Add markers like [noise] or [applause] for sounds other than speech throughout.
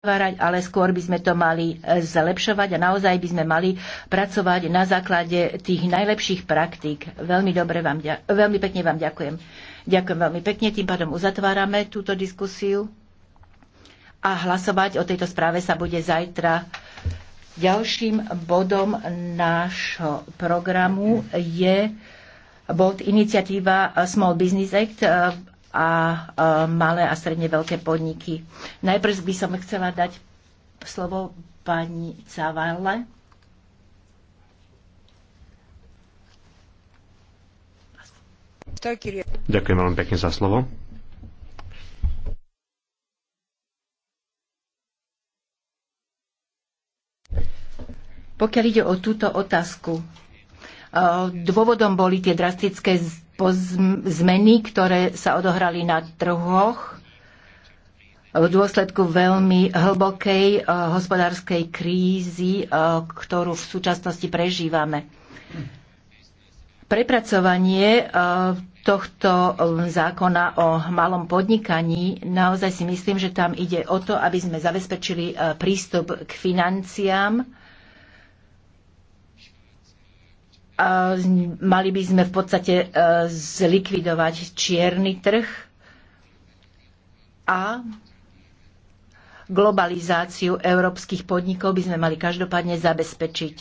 zatvárať, ale skôr by sme to mali e, zlepšovať a naozaj by sme mali pracovať na základe tých najlepších praktík. Veľmi, dobre vám, veľmi pekne vám ďakujem. Ďakujem veľmi pekne, tým pádom uzatvárame túto diskusiu a hlasovať o tejto správe sa bude zajtra. Ďalším bodom nášho programu je bod iniciatíva Small Business Act a e, malé a stredne veľké podniky. Najprv by som chcela dať slovo pani Cavale. Ďakujem veľmi pekne za slovo. Pokiaľ ide o túto otázku, e, dôvodom boli tie drastické po zmeny, ktoré sa odohrali na trhoch v dôsledku veľmi hlbokej eh, hospodárskej krízy, eh, ktorú v súčasnosti prežívame. Prepracovanie eh, tohto zákona o malom podnikaní, naozaj si myslím, že tam ide o to, aby sme zabezpečili prístup k financiám mali by sme v podstate e, zlikvidovať čierny trh a globalizáciu európskych podnikov by sme mali každopádne zabezpečiť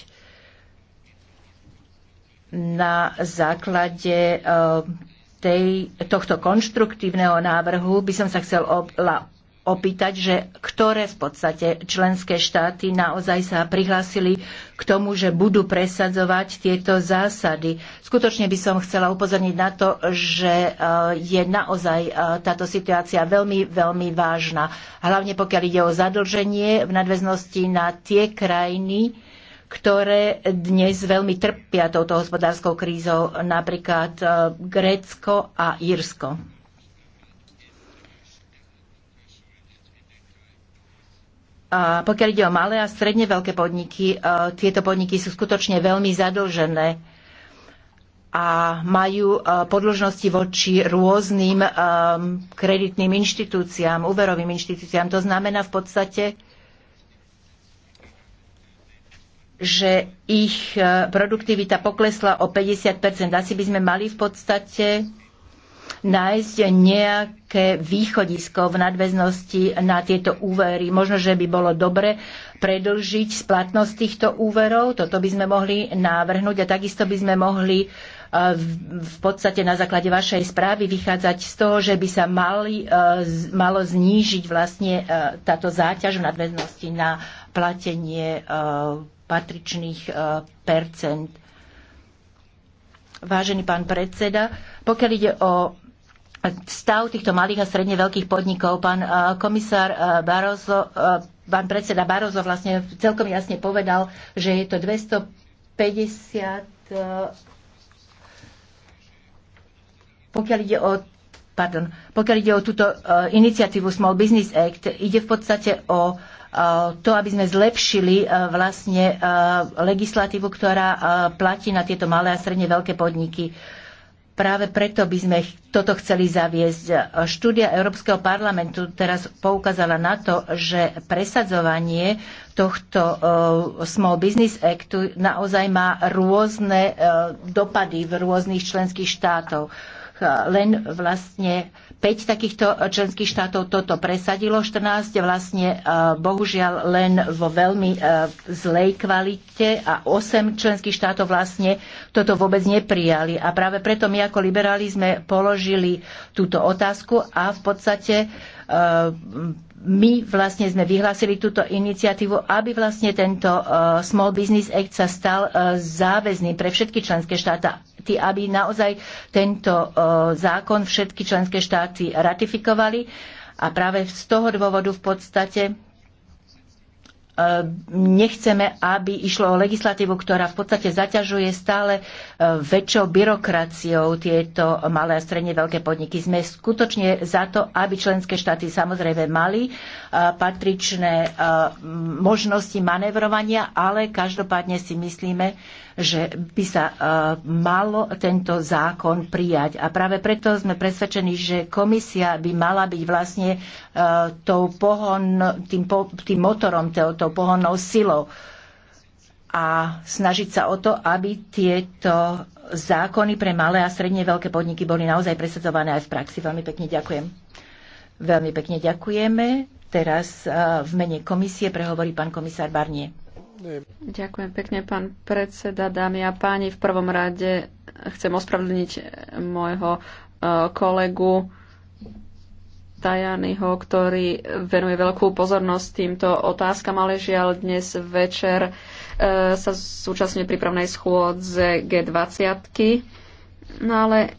na základe e, tej, tohto konštruktívneho návrhu by som sa chcel opýtať, že ktoré v podstate členské štáty naozaj sa prihlásili k tomu, že budú presadzovať tieto zásady. Skutočne by som chcela upozorniť na to, že e, je naozaj e, táto situácia veľmi, veľmi vážna. Hlavne pokiaľ ide o zadlženie v nadväznosti na tie krajiny, ktoré dnes veľmi trpia touto hospodárskou krízou, napríklad e, Grécko a Írsko. pokiaľ ide o malé a stredne veľké podniky, e, tieto podniky sú skutočne veľmi zadlžené a majú e, podložnosti voči rôznym e, kreditným inštitúciám, úverovým inštitúciám. To znamená v podstate, že ich produktivita poklesla o 50 Asi by sme mali v podstate nájsť nejaké východisko v nadväznosti na tieto úvery. Možno, že by bolo dobre predlžiť splatnosť týchto úverov, toto by sme mohli návrhnúť a takisto by sme mohli e, v podstate na základe vašej správy vychádzať z toho, že by sa mali, e, malo znížiť vlastne e, táto záťaž v nadväznosti na platenie patričných percent. Vážený pán predseda, pokiaľ ide o stav týchto malých a stredne veľkých podnikov. Pán eh, komisár eh, Barozo, eh, pán predseda Barozo vlastne celkom jasne povedal, že je to 250 pokiaľ ide o pardon, pokiaľ ide o túto iniciatívu Small Business Act, ide v podstate o to, aby sme zlepšili vlastne legislatívu, ktorá platí na tieto malé a stredne veľké podniky. Práve preto by sme toto chceli zaviesť. Štúdia Európskeho parlamentu teraz poukázala na to, že presadzovanie tohto eh, Small Business Actu naozaj má rôzne eh, dopady v rôznych členských štátoch. Len vlastne 5 takýchto členských štátov toto presadilo, 14 vlastne e, bohužiaľ len vo veľmi e, zlej kvalite a 8 členských štátov vlastne toto vôbec neprijali. A práve preto my ako liberáli sme položili túto otázku a v podstate e, my vlastne sme vyhlásili túto iniciatívu, aby vlastne tento e, Small Business Act sa stal e, záväzným pre všetky členské štáty, aby naozaj tento e, zákon všetky členské štáty ratifikovali. A práve z toho dôvodu v podstate Ehm, nechceme, aby išlo o legislatívu, ktorá v podstate zaťažuje stále e, väčšou byrokraciou tieto malé a stredne veľké podniky. Sme skutočne za to, aby členské štáty samozrejme mali e, patričné e, možnosti manevrovania, ale každopádne si myslíme, že by sa e, malo tento zákon prijať. A práve preto sme presvedčení, že komisia by mala byť vlastne e, tou pohon, tým, tým motorom, tou, tou pohonnou silou a snažiť sa o to, aby tieto zákony pre malé a stredne veľké podniky boli naozaj presadzované aj v praxi. Veľmi pekne ďakujem. Veľmi pekne ďakujeme. Teraz e, v mene komisie prehovorí pán komisár Barnier. Ďakujem pekne, pán predseda, dámy a páni. V prvom rade chcem ospravedlniť môjho e, kolegu Tajanyho, ktorý venuje veľkú pozornosť týmto otázkam, ale žiaľ dnes večer e, sa súčasne prípravnej schôdze G20. No ale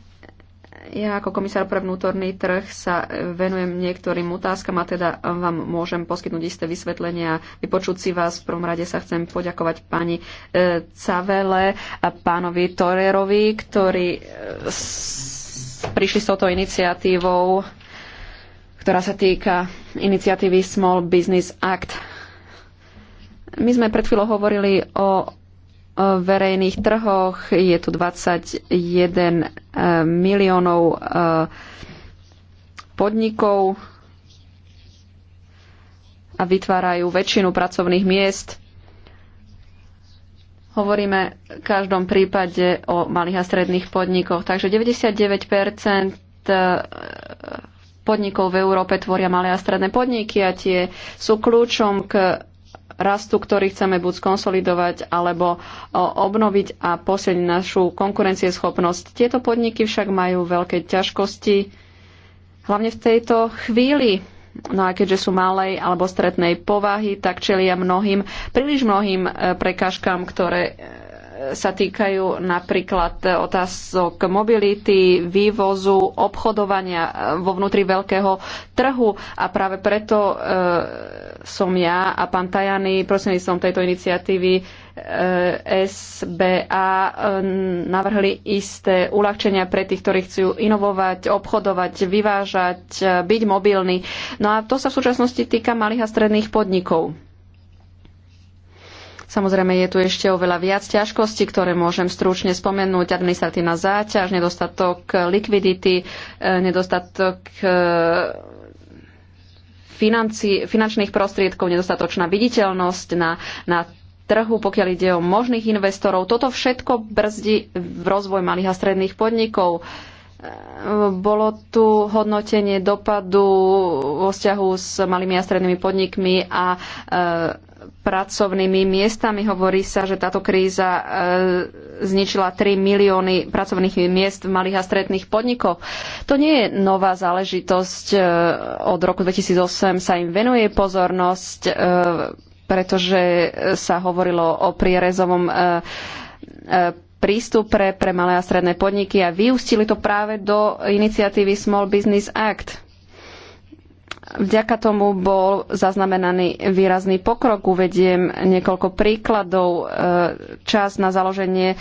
ja ako komisár pre vnútorný trh sa e, venujem niektorým otázkam a teda vám môžem poskytnúť isté vysvetlenia. Vypočuť si vás. V prvom rade sa chcem poďakovať pani e, Cavele a pánovi Torerovi, ktorí e, prišli s touto iniciatívou, ktorá sa týka iniciatívy Small Business Act. My sme pred chvíľou hovorili o verejných trhoch. Je tu 21 eh, miliónov eh, podnikov a vytvárajú väčšinu pracovných miest. Hovoríme v každom prípade o malých a stredných podnikoch. Takže 99 eh, podnikov v Európe tvoria malé a stredné podniky a tie sú kľúčom k rastu, ktorý chceme buď skonsolidovať alebo obnoviť a posilniť našu konkurencieschopnosť. Tieto podniky však majú veľké ťažkosti, hlavne v tejto chvíli. No a keďže sú malej alebo stretnej povahy, tak čelia mnohým, príliš mnohým e, prekážkam, ktoré e, sa týkajú napríklad otázok mobility, vývozu, obchodovania e, vo vnútri veľkého trhu a práve preto e, som ja a pán Tajany prostredníctvom tejto iniciatívy e, SBA navrhli isté uľahčenia pre tých, ktorí chcú inovovať, obchodovať, vyvážať, byť mobilní. No a to sa v súčasnosti týka malých a stredných podnikov. Samozrejme, je tu ešte oveľa viac ťažkostí, ktoré môžem stručne spomenúť. Administratívna záťaž, nedostatok likvidity, e, nedostatok e, financi, finančných prostriedkov, nedostatočná viditeľnosť na, na trhu, pokiaľ ide o možných investorov. Toto všetko brzdí v rozvoj malých a stredných podnikov. E, bolo tu hodnotenie dopadu vo vzťahu s malými a strednými podnikmi a e, pracovnými miestami. Hovorí sa, že táto kríza e, zničila 3 milióny pracovných miest v malých a stredných podnikoch. To nie je nová záležitosť. E, od roku 2008 sa im venuje pozornosť, e, pretože sa hovorilo o prierezovom prístupe pre malé a stredné podniky a vyústili to práve do iniciatívy Small Business Act. Vďaka tomu bol zaznamenaný výrazný pokrok. Uvediem niekoľko príkladov. E, čas na založenie e,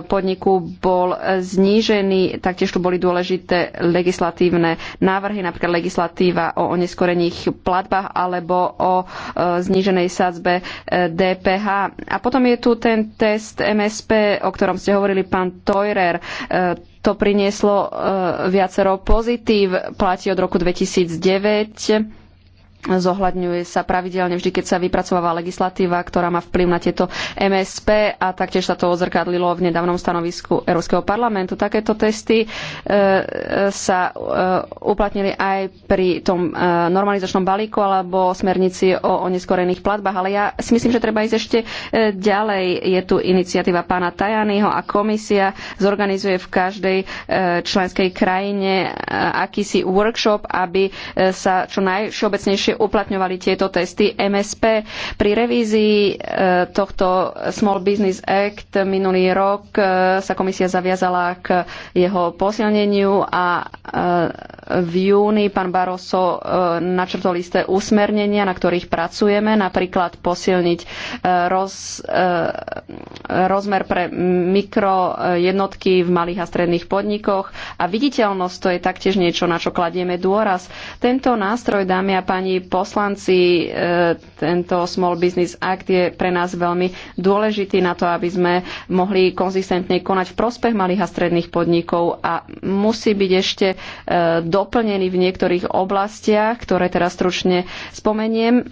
podniku bol znížený, taktiež tu boli dôležité legislatívne návrhy, napríklad legislatíva o oneskorených platbách alebo o e, zníženej sadzbe DPH. A potom je tu ten test MSP, o ktorom ste hovorili, pán Teurer to prinieslo e, viacero pozitív, platí od roku 2009 Zohľadňuje sa pravidelne vždy, keď sa vypracováva legislatíva, ktorá má vplyv na tieto MSP a taktiež sa to ozrkadlilo v nedávnom stanovisku Európskeho parlamentu. Takéto testy e, e, sa e, uplatnili aj pri tom normalizačnom balíku alebo smernici o oneskorených platbách, ale ja si myslím, že treba ísť ešte ďalej. Je tu iniciatíva pána Tajanyho a komisia zorganizuje v každej členskej krajine akýsi workshop, aby sa čo najšobecnejšie lepšie uplatňovali tieto testy MSP. Pri revízii e, tohto Small Business Act minulý rok e, sa komisia zaviazala k jeho posilneniu a e, v júni pán Barroso načrtol isté usmernenia, na ktorých pracujeme, napríklad posilniť roz, rozmer pre mikrojednotky v malých a stredných podnikoch a viditeľnosť to je taktiež niečo, na čo kladieme dôraz. Tento nástroj, dámy a páni, poslanci, e, tento Small Business Act je pre nás veľmi dôležitý na to, aby sme mohli konzistentne konať v prospech malých a stredných podnikov a musí byť ešte e, doplnený v niektorých oblastiach, ktoré teraz stručne spomeniem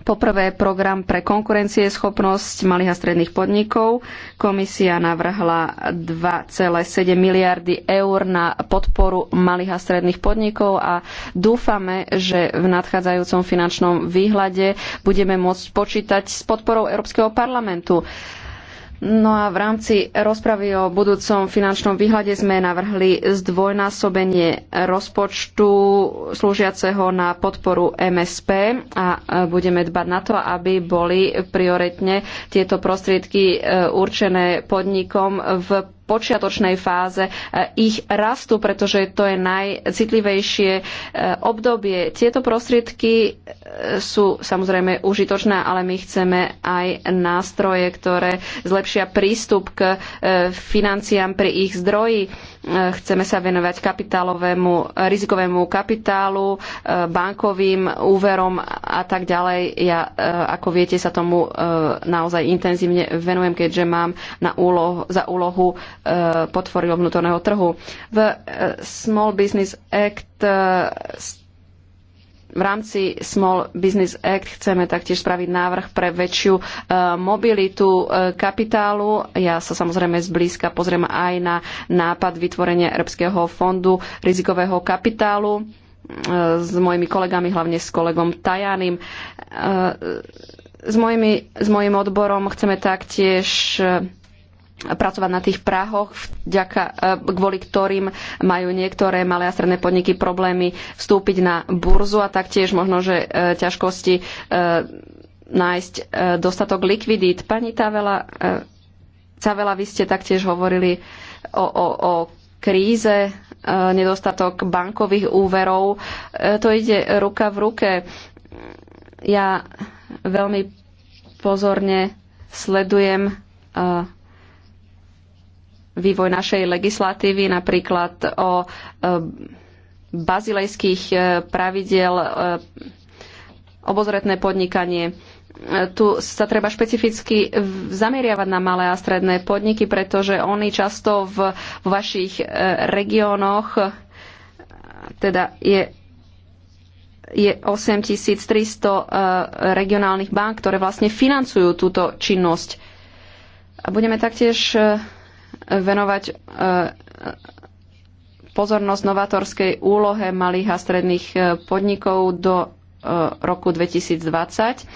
Poprvé program pre konkurencieschopnosť malých a stredných podnikov. Komisia navrhla 2,7 miliardy eur na podporu malých a stredných podnikov a dúfame, že v nadchádzajúcom finančnom výhľade budeme môcť počítať s podporou Európskeho parlamentu. No a v rámci rozpravy o budúcom finančnom výhľade sme navrhli zdvojnásobenie rozpočtu slúžiaceho na podporu MSP a e, budeme dbať na to, aby boli prioritne tieto prostriedky e, určené podnikom v počiatočnej fáze e, ich rastu, pretože to je najcitlivejšie e, obdobie. Tieto prostriedky e, sú samozrejme užitočné, ale my chceme aj nástroje, ktoré zlepšia prístup k financiám pri ich zdroji Chceme sa venovať kapitálovému, rizikovému kapitálu, e, bankovým úverom a tak ďalej. Ja, e, ako viete, sa tomu e, naozaj intenzívne venujem, keďže mám na úloh, za úlohu podporil vnútorného trhu. V Small Business Act v rámci Small Business Act chceme taktiež spraviť návrh pre väčšiu e, mobilitu e, kapitálu. Ja sa samozrejme zblízka pozriem aj na nápad vytvorenia Európskeho fondu rizikového kapitálu e, s mojimi kolegami, hlavne s kolegom Tajaným. S, mojimi, s mojim odborom chceme taktiež pracovať na tých prahoch, vďaka, e, kvôli ktorým majú niektoré malé a stredné podniky problémy vstúpiť na burzu a taktiež možno, že e, ťažkosti e, nájsť dostatok likvidít. Pani Tavela, Cavela, vy ste taktiež hovorili o, o, o kríze, nedostatok bankových úverov. To ide ruka v ruke. Ja veľmi pozorne sledujem vývoj našej legislatívy, napríklad o e, bazilejských e, pravidel e, obozretné podnikanie. Tu sa treba špecificky zameriavať na malé a stredné podniky, pretože oni často v vašich regiónoch teda je je 8300 regionálnych bank, ktoré vlastne financujú túto činnosť. A budeme taktiež venovať e, pozornosť novatorskej úlohe malých a stredných e, podnikov do e, roku 2020.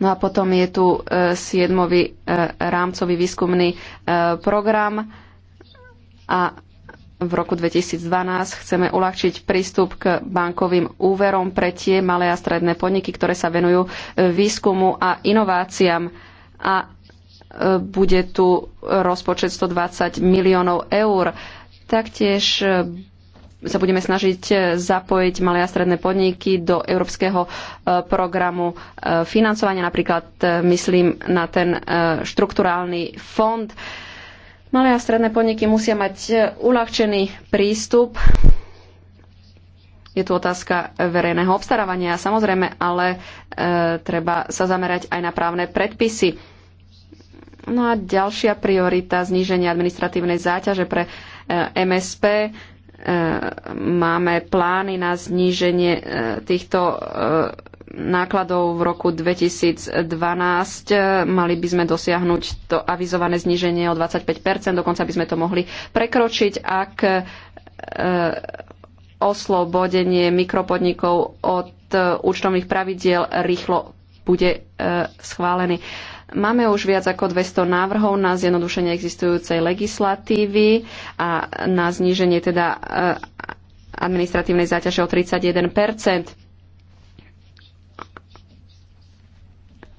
No a potom je tu siedmový rámcový výskumný program a v roku 2012 chceme uľahčiť prístup k bankovým úverom pre tie malé a stredné podniky, ktoré sa venujú výskumu a inováciám. A bude tu rozpočet 120 miliónov eur. Taktiež e, sa budeme snažiť e, zapojiť malé a stredné podniky do európskeho e, programu financovania, napríklad myslím na ten štrukturálny fond. Malé a stredné podniky musia mať uľahčený prístup. Je tu otázka verejného obstarávania, samozrejme, ale treba sa zamerať aj na právne predpisy No a ďalšia priorita zníženie administratívnej záťaže pre e, MSP. E, máme plány na zníženie e, týchto nákladov v roku 2012 mali by sme dosiahnuť to avizované zníženie o 25%, dokonca by sme to mohli prekročiť, ak oslobodenie mikropodnikov od účtovných pravidiel rýchlo bude schválený. Máme už viac ako 200 návrhov na zjednodušenie existujúcej legislatívy a na zníženie teda eh, administratívnej záťaže o 31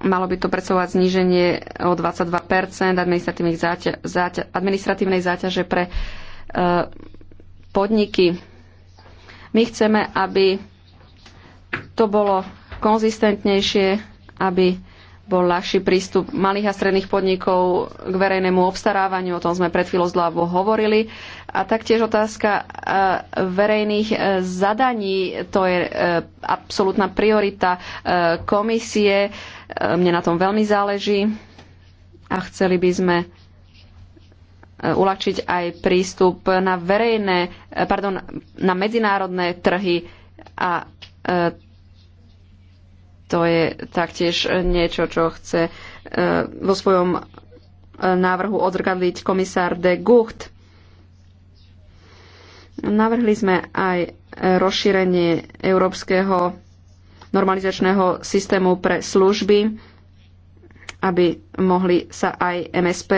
Malo by to predstavovať zníženie o 22 administratívnej, administratívnej záťaže pre eh, podniky. My chceme, aby to bolo konzistentnejšie, aby bol ľahší prístup malých a stredných podnikov k verejnému obstarávaniu, o tom sme pred chvíľou zľavo hovorili. A taktiež otázka e, verejných e, zadaní, to je e, absolútna priorita komisie. Mne na tom veľmi záleží a chceli by sme uľahčiť aj prístup na verejné, pardon, na medzinárodné trhy a to je taktiež niečo, čo chce e, vo svojom e, návrhu odrkadliť komisár de Gucht. Navrhli sme aj rozšírenie európskeho normalizačného systému pre služby, aby mohli sa aj MSP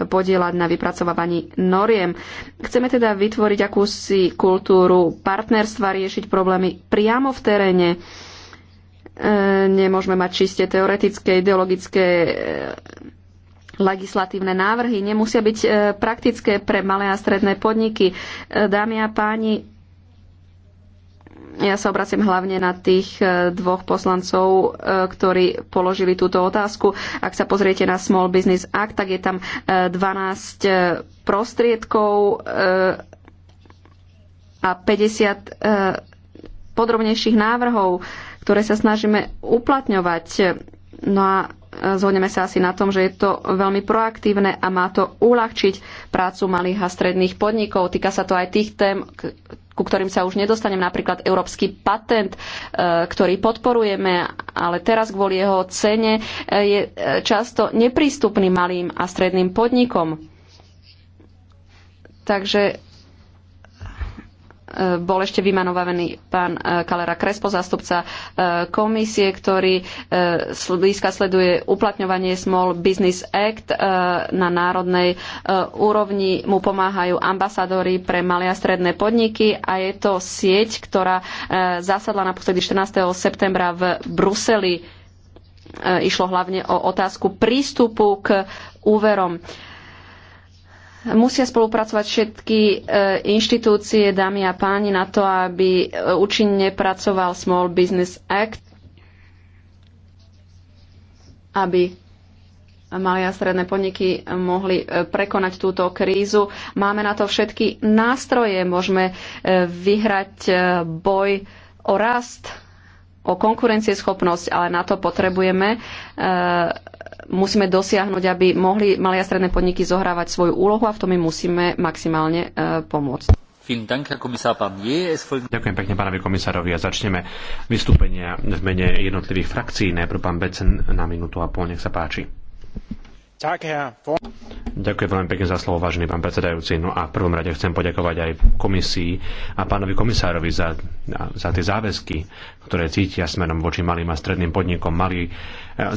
podielať na vypracovávaní noriem. Chceme teda vytvoriť akúsi kultúru partnerstva, riešiť problémy priamo v teréne E, nemôžeme mať čiste teoretické, ideologické e, legislatívne návrhy, nemusia byť e, praktické pre malé a stredné podniky. Dámy a páni, ja sa obracím hlavne na tých dvoch poslancov, ktorí položili túto otázku. Ak sa pozriete na Small Business Act, tak je tam 12 prostriedkov a 50 podrobnejších návrhov ktoré sa snažíme uplatňovať. No a e, zhodneme sa asi na tom, že je to veľmi proaktívne a má to uľahčiť prácu malých a stredných podnikov. Týka sa to aj tých tém, ku ktorým sa už nedostanem, napríklad európsky patent, e, ktorý podporujeme, ale teraz kvôli jeho cene e, je často neprístupný malým a stredným podnikom. Takže E, bol ešte vymanovaný pán e, Kalera Krespo, zástupca e, komisie, ktorý blízka sleduje uplatňovanie Small Business Act na národnej úrovni. Mu pomáhajú ambasadori pre malé a stredné podniky a je to sieť, ktorá zasadla naposledy 14. septembra v Bruseli. Išlo hlavne o otázku prístupu k úverom. Musia spolupracovať všetky e, inštitúcie, dámy a páni, na to, aby e, účinne pracoval Small Business Act, aby malé a stredné podniky mohli e, prekonať túto krízu. Máme na to všetky nástroje. Môžeme vyhrať boj o rast, o konkurencieschopnosť, ale na to potrebujeme musíme dosiahnuť, aby mohli malé a stredné podniky zohrávať svoju úlohu a v tom im musíme maximálne e, pomôcť. Ďakujem pekne pánovi komisárovi a začneme vystúpenia v mene jednotlivých frakcií. Najprv pán Becen na minútu a pol, nech sa páči. Ďakujem veľmi pekne za slovo, vážený pán predsedajúci. No a v prvom rade chcem poďakovať aj komisii a pánovi komisárovi za, za tie záväzky, ktoré cítia smerom voči malým a stredným podnikom. Malý e,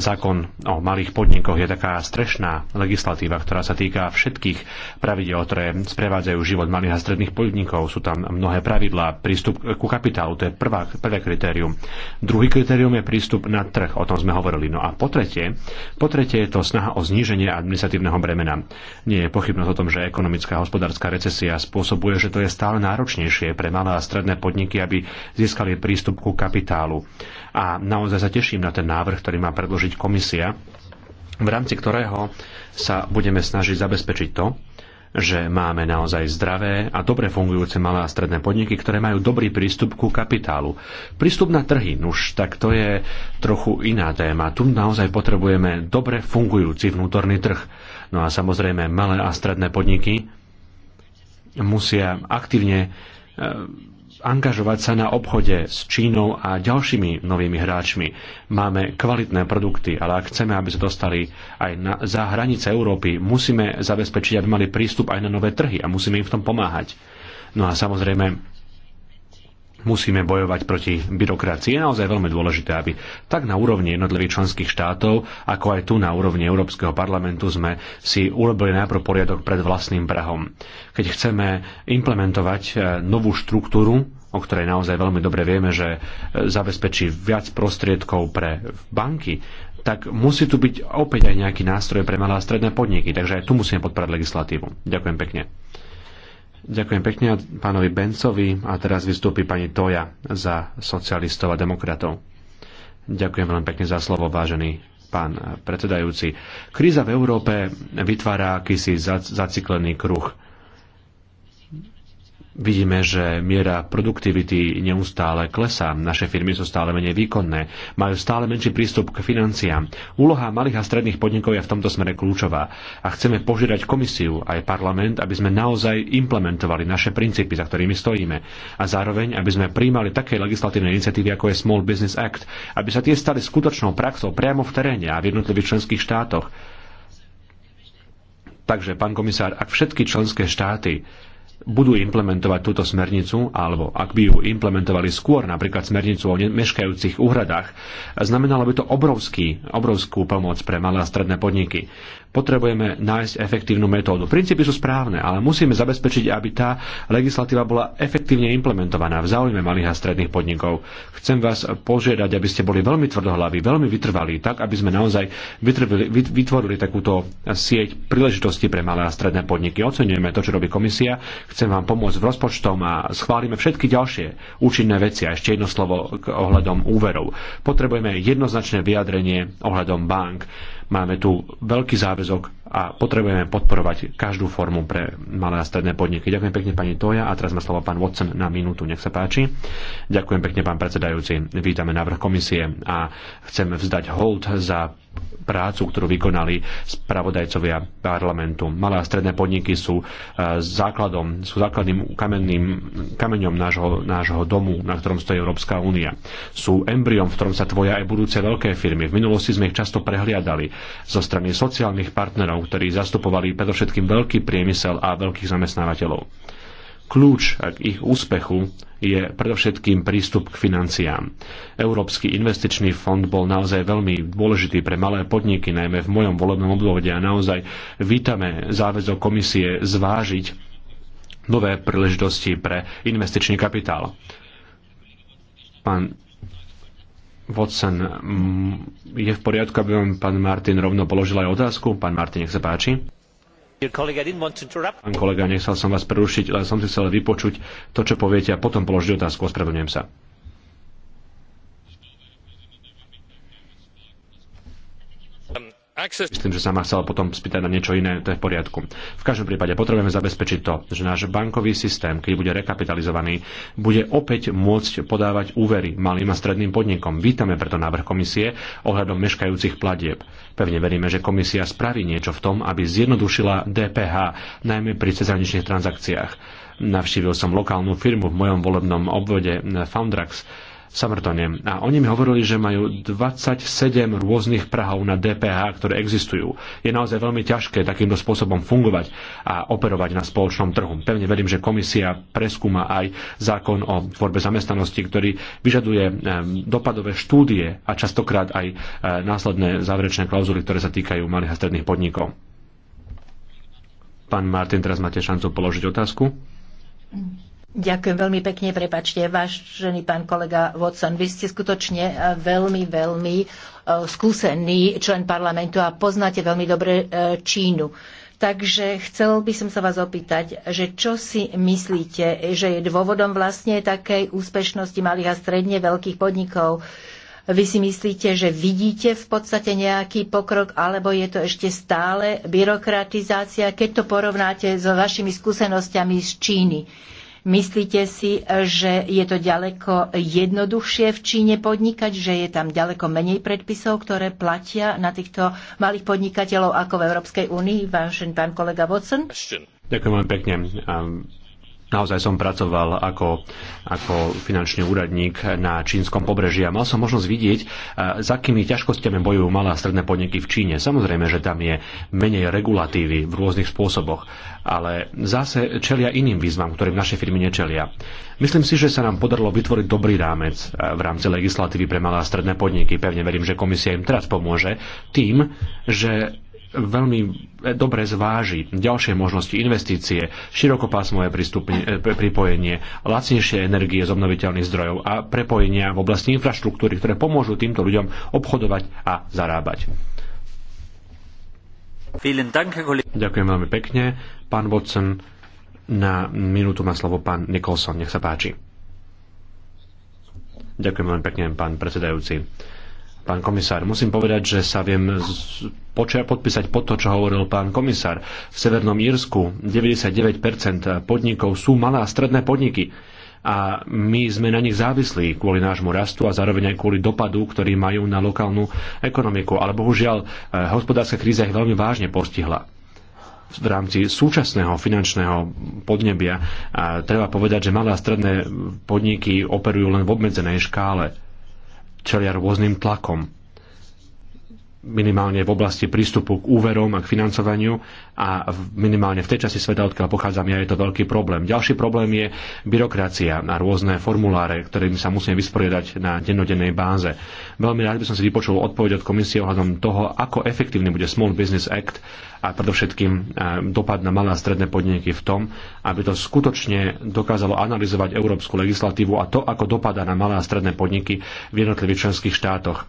zákon o malých podnikoch je taká strešná legislatíva, ktorá sa týka všetkých pravidel, ktoré sprevádzajú život malých a stredných podnikov. Sú tam mnohé pravidlá, prístup ku kapitálu, to je prvá, prvé kritérium. Druhý kritérium je prístup na trh, o tom sme hovorili. No a po tretie, po tretie je to snaha o zníženie zníženie administratívneho bremena. Nie je pochybnosť o tom, že ekonomická a hospodárska recesia spôsobuje, že to je stále náročnejšie pre malé a stredné podniky, aby získali prístup ku kapitálu. A naozaj sa teším na ten návrh, ktorý má predložiť komisia, v rámci ktorého sa budeme snažiť zabezpečiť to, že máme naozaj zdravé a dobre fungujúce malé a stredné podniky, ktoré majú dobrý prístup ku kapitálu. Prístup na trhy, už tak to je trochu iná téma. Tu naozaj potrebujeme dobre fungujúci vnútorný trh. No a samozrejme malé a stredné podniky musia aktívne e, angažovať sa na obchode s Čínou a ďalšími novými hráčmi. Máme kvalitné produkty, ale ak chceme, aby sa dostali aj na, za hranice Európy, musíme zabezpečiť, aby mali prístup aj na nové trhy a musíme im v tom pomáhať. No a samozrejme, musíme bojovať proti byrokracii. Je naozaj veľmi dôležité, aby tak na úrovni jednotlivých členských štátov, ako aj tu na úrovni Európskeho parlamentu sme si urobili najprv poriadok pred vlastným prahom. Keď chceme implementovať eh, novú štruktúru o ktorej naozaj veľmi dobre vieme, že e, zabezpečí viac prostriedkov pre banky, tak musí tu byť opäť aj nejaký nástroj pre malé a stredné podniky. Takže aj tu musíme podporať legislatívu. Ďakujem pekne. Ďakujem pekne pánovi Bencovi a teraz vystúpi pani Toja za socialistov a demokratov. Ďakujem veľmi pekne za slovo, vážený pán predsedajúci. Kríza v Európe vytvára akýsi zaciklený kruh Vidíme, že miera produktivity neustále klesá, naše firmy sú stále menej výkonné, majú stále menší prístup k financiám. Úloha malých a stredných podnikov je v tomto smere kľúčová a chceme požiadať komisiu aj parlament, aby sme naozaj implementovali naše princípy, za ktorými stojíme a zároveň, aby sme príjmali také legislatívne iniciatívy, ako je Small Business Act, aby sa tie stali skutočnou praxou priamo v teréne a v jednotlivých členských štátoch. Takže, pán komisár, ak všetky členské štáty budú implementovať túto smernicu, alebo ak by ju implementovali skôr, napríklad smernicu o meškajúcich úhradách, znamenalo by to obrovský, obrovskú pomoc pre malé a stredné podniky potrebujeme nájsť efektívnu metódu. Princípy sú správne, ale musíme zabezpečiť, aby tá legislatíva bola efektívne implementovaná v záujme malých a stredných podnikov. Chcem vás požiadať, aby ste boli veľmi tvrdohlaví, veľmi vytrvalí, tak aby sme naozaj vytvorili, vytvorili takúto sieť príležitosti pre malé a stredné podniky. Oceňujeme to, čo robí komisia. Chcem vám pomôcť v rozpočtom a schválime všetky ďalšie účinné veci. A ešte jedno slovo k ohľadom úverov. Potrebujeme jednoznačné vyjadrenie ohľadom bank Máme tu veľký záväzok a potrebujeme podporovať každú formu pre malé a stredné podniky. Ďakujem pekne pani Toja a teraz má slovo pán Watson na minútu, nech sa páči. Ďakujem pekne pán predsedajúci. Vítame návrh komisie a chceme vzdať hold za prácu, ktorú vykonali spravodajcovia parlamentu. Malé a stredné podniky sú e, základom, sú základným kamenným, kameňom nášho, nášho domu, na ktorom stojí Európska únia. Sú embryom, v ktorom sa tvoja aj budúce veľké firmy. V minulosti sme ich často prehliadali zo strany sociálnych partnerov, ktorí zastupovali predovšetkým veľký priemysel a veľkých zamestnávateľov. Kľúč k ich úspechu je predovšetkým prístup k financiám. Európsky investičný fond bol naozaj veľmi dôležitý pre malé podniky, najmä v mojom volebnom obdobde a naozaj vítame záväzok komisie zvážiť nové príležitosti pre investičný kapitál. Pán Watson, je v poriadku, aby vám pán Martin rovno položil aj otázku? Pán Martin, nech sa páči. Pán kolega, nechcel som vás prerušiť, ale som si chcel vypočuť to, čo poviete a potom položiť otázku. Ospravedlňujem sa. Myslím, že sa ma chcela potom spýtať na niečo iné, to je v poriadku. V každom prípade potrebujeme zabezpečiť to, že náš bankový systém, keď bude rekapitalizovaný, bude opäť môcť podávať úvery malým a stredným podnikom. Vítame preto návrh komisie ohľadom meškajúcich platieb. Pevne veríme, že komisia spraví niečo v tom, aby zjednodušila DPH, najmä pri cezhraničných transakciách. Navštívil som lokálnu firmu v mojom volebnom obvode eh, Foundrax, Samrtone. A oni mi hovorili, že majú 27 rôznych prahov na DPH, ktoré existujú. Je naozaj veľmi ťažké takýmto spôsobom fungovať a operovať na spoločnom trhu. Pevne verím, že komisia preskúma aj zákon o tvorbe zamestnanosti, ktorý vyžaduje eh, dopadové štúdie a častokrát aj eh, následné záverečné klauzuly, ktoré sa týkajú malých a stredných podnikov. Pán Martin, teraz máte šancu položiť otázku. Mm. Ďakujem veľmi pekne, prepačte, váš žený pán kolega Watson, vy ste skutočne eh, veľmi, veľmi eh, skúsený člen parlamentu a poznáte veľmi dobre eh, Čínu. Takže chcel by som sa vás opýtať, že čo si myslíte, že je dôvodom vlastne takej úspešnosti malých a stredne veľkých podnikov? Vy si myslíte, že vidíte v podstate nejaký pokrok, alebo je to ešte stále byrokratizácia, keď to porovnáte s vašimi skúsenostiami z Číny? Myslíte si, že je to ďaleko jednoduchšie v Číne podnikať, že je tam ďaleko menej predpisov, ktoré platia na týchto malých podnikateľov ako v Európskej únii? Vážený pán kolega Watson. Ďakujem veľmi pekne Naozaj som pracoval ako, ako finančný úradník na čínskom pobreží a mal som možnosť vidieť, s e, akými ťažkostiami bojujú malé a stredné podniky v Číne. Samozrejme, že tam je menej regulatívy v rôznych spôsoboch, ale zase čelia iným výzvam, ktorým naše firmy nečelia. Myslím si, že sa nám podarilo vytvoriť dobrý rámec e, v rámci legislatívy pre malé a stredné podniky. Pevne verím, že komisia im teraz pomôže tým, že veľmi e, dobre zváži ďalšie možnosti investície, širokopásmové e, pripojenie, lacnejšie energie z obnoviteľných zdrojov a prepojenia v oblasti infraštruktúry, ktoré pomôžu týmto ľuďom obchodovať a zarábať. Ďakujem veľmi pekne. Pán Watson, na minútu má slovo pán Nicholson. Nech sa páči. Ďakujem veľmi pekne, pán predsedajúci pán komisár. Musím povedať, že sa viem podpísať pod to, čo hovoril pán komisár. V Severnom Írsku 99% podnikov sú malé a stredné podniky a my sme na nich závislí kvôli nášmu rastu a zároveň aj kvôli dopadu, ktorý majú na lokálnu ekonomiku. Ale bohužiaľ, eh, hospodárska kríza ich veľmi vážne postihla v rámci súčasného finančného podnebia a eh, treba povedať, že malé a stredné podniky operujú len v obmedzenej škále čelia rôznym tlakom minimálne v oblasti prístupu k úverom a k financovaniu a minimálne v tej časti sveta, odkiaľ pochádzam ja, je to veľký problém. Ďalší problém je byrokracia a rôzne formuláre, ktorými sa musíme vysporiadať na dennodennej báze. Veľmi rád by som si vypočul odpoveď od komisie ohľadom toho, ako efektívny bude Small Business Act a predovšetkým e, dopad na malé a stredné podniky v tom, aby to skutočne dokázalo analyzovať európsku legislatívu a to, ako dopada na malé a stredné podniky v jednotlivých členských štátoch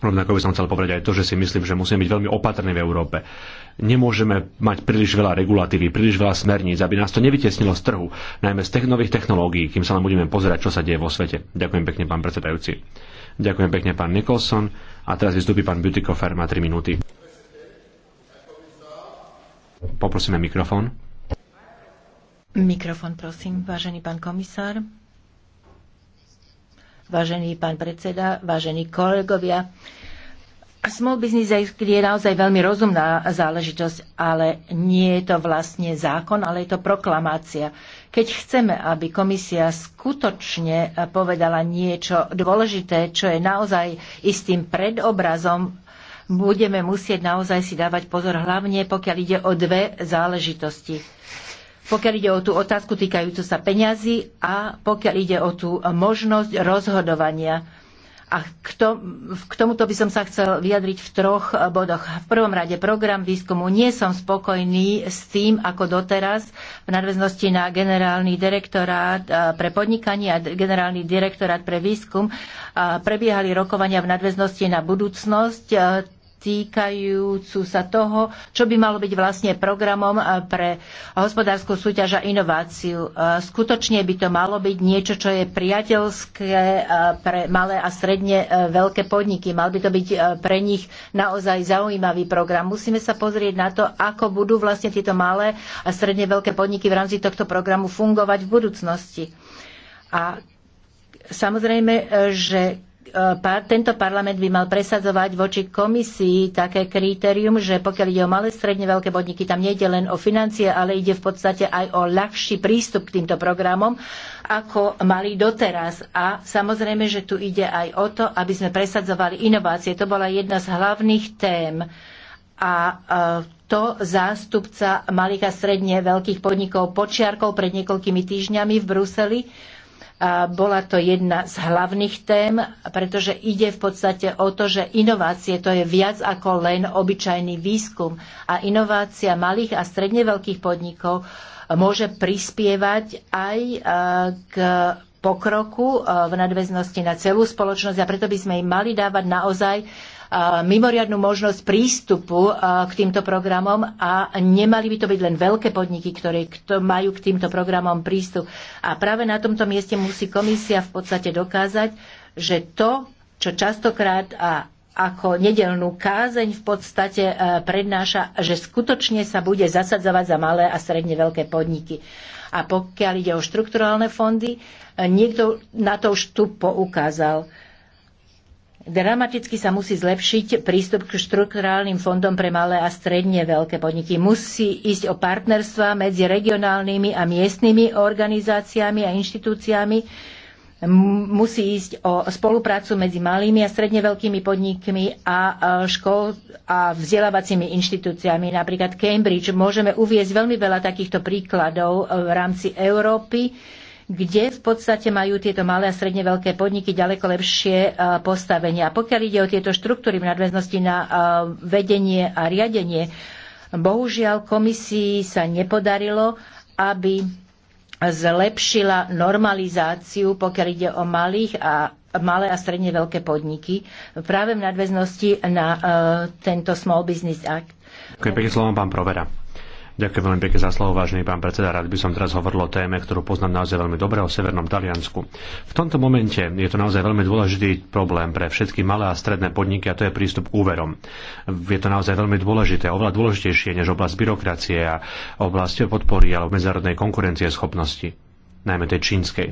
Rovnako by som chcel povedať aj to, že si myslím, že musíme byť veľmi opatrní v Európe. Nemôžeme mať príliš veľa regulatívy, príliš veľa smerníc, aby nás to nevytiesnilo z trhu, najmä z nových technológií, kým sa len budeme pozerať, čo sa deje vo svete. Ďakujem pekne, pán predsedajúci. Ďakujem pekne, pán Nicholson. A teraz vystúpi pán Butikofer, má 3 minúty. Poprosíme mikrofón. Mikrofón, prosím, vážený pán komisár vážený pán predseda, vážení kolegovia. Small Business je naozaj veľmi rozumná záležitosť, ale nie je to vlastne zákon, ale je to proklamácia. Keď chceme, aby komisia skutočne povedala niečo dôležité, čo je naozaj istým predobrazom, budeme musieť naozaj si dávať pozor, hlavne pokiaľ ide o dve záležitosti pokiaľ ide o tú otázku týkajúcu sa peňazí a pokiaľ ide o tú možnosť rozhodovania. A k, k tomuto by som sa chcel vyjadriť v troch bodoch. V prvom rade program výskumu. Nie som spokojný s tým, ako doteraz v nadväznosti na generálny direktorát eh, pre podnikanie a generálny direktorát pre výskum eh, prebiehali rokovania v nadväznosti na budúcnosť eh, týkajúcu sa toho, čo by malo byť vlastne programom eh, pre hospodárskú súťaž a inováciu. Eh, skutočne by to malo byť niečo, čo je priateľské eh, pre malé a stredne veľké podniky. Mal by to byť pre nich naozaj zaujímavý program. Musíme sa pozrieť na to, ako budú vlastne tieto malé a stredne veľké podniky v rámci tohto programu fungovať v budúcnosti. A Samozrejme, že Eh, tento parlament by mal presadzovať voči komisii také kritérium, že pokiaľ ide o malé, stredne veľké podniky, tam nejde len o financie, ale ide v podstate aj o ľahší prístup k týmto programom, ako mali doteraz. A samozrejme, že tu ide aj o to, aby sme presadzovali inovácie. To bola jedna z hlavných tém. A eh, to zástupca malých a stredne veľkých podnikov počiarkov pred niekoľkými týždňami v Bruseli bola to jedna z hlavných tém, pretože ide v podstate o to, že inovácie to je viac ako len obyčajný výskum a inovácia malých a stredne veľkých podnikov môže prispievať aj e, k pokroku e, v nadväznosti na celú spoločnosť a preto by sme im mali dávať naozaj Eh, mimoriadnú možnosť prístupu eh, k týmto programom a nemali by to byť len veľké podniky, ktoré majú k týmto programom prístup. A práve na tomto mieste musí komisia v podstate dokázať, že to, čo častokrát a ako nedelnú kázeň v podstate eh, prednáša, že skutočne sa bude zasadzovať za malé a stredne veľké podniky. A pokiaľ ide o štrukturálne fondy, niekto na to už tu poukázal Dramaticky sa musí zlepšiť prístup k štrukturálnym fondom pre malé a stredne veľké podniky. Musí ísť o partnerstva medzi regionálnymi a miestnymi organizáciami a inštitúciami. Musí ísť o spoluprácu medzi malými a stredne veľkými podnikmi a škol a vzdelávacími inštitúciami. Napríklad Cambridge. Môžeme uvieť veľmi veľa takýchto príkladov e, v rámci Európy kde v podstate majú tieto malé a stredne veľké podniky ďaleko lepšie e, postavenia. Pokiaľ ide o tieto štruktúry v nadväznosti na e, vedenie a riadenie, bohužiaľ komisii sa nepodarilo, aby zlepšila normalizáciu, pokiaľ ide o malých a malé a stredne veľké podniky, práve v nadväznosti na uh, tento Small Business Act. Ďakujem pekne slovom, pán Provera. Ďakujem veľmi pekne za slovo, vážený pán predseda. Rád by som teraz hovoril o téme, ktorú poznám naozaj veľmi dobre, o Severnom Taliansku. V tomto momente je to naozaj veľmi dôležitý problém pre všetky malé a stredné podniky a to je prístup k úverom. Je to naozaj veľmi dôležité, oveľa dôležitejšie než oblasť byrokracie a oblasť podpory alebo medzinárodnej konkurencie schopnosti, najmä tej čínskej.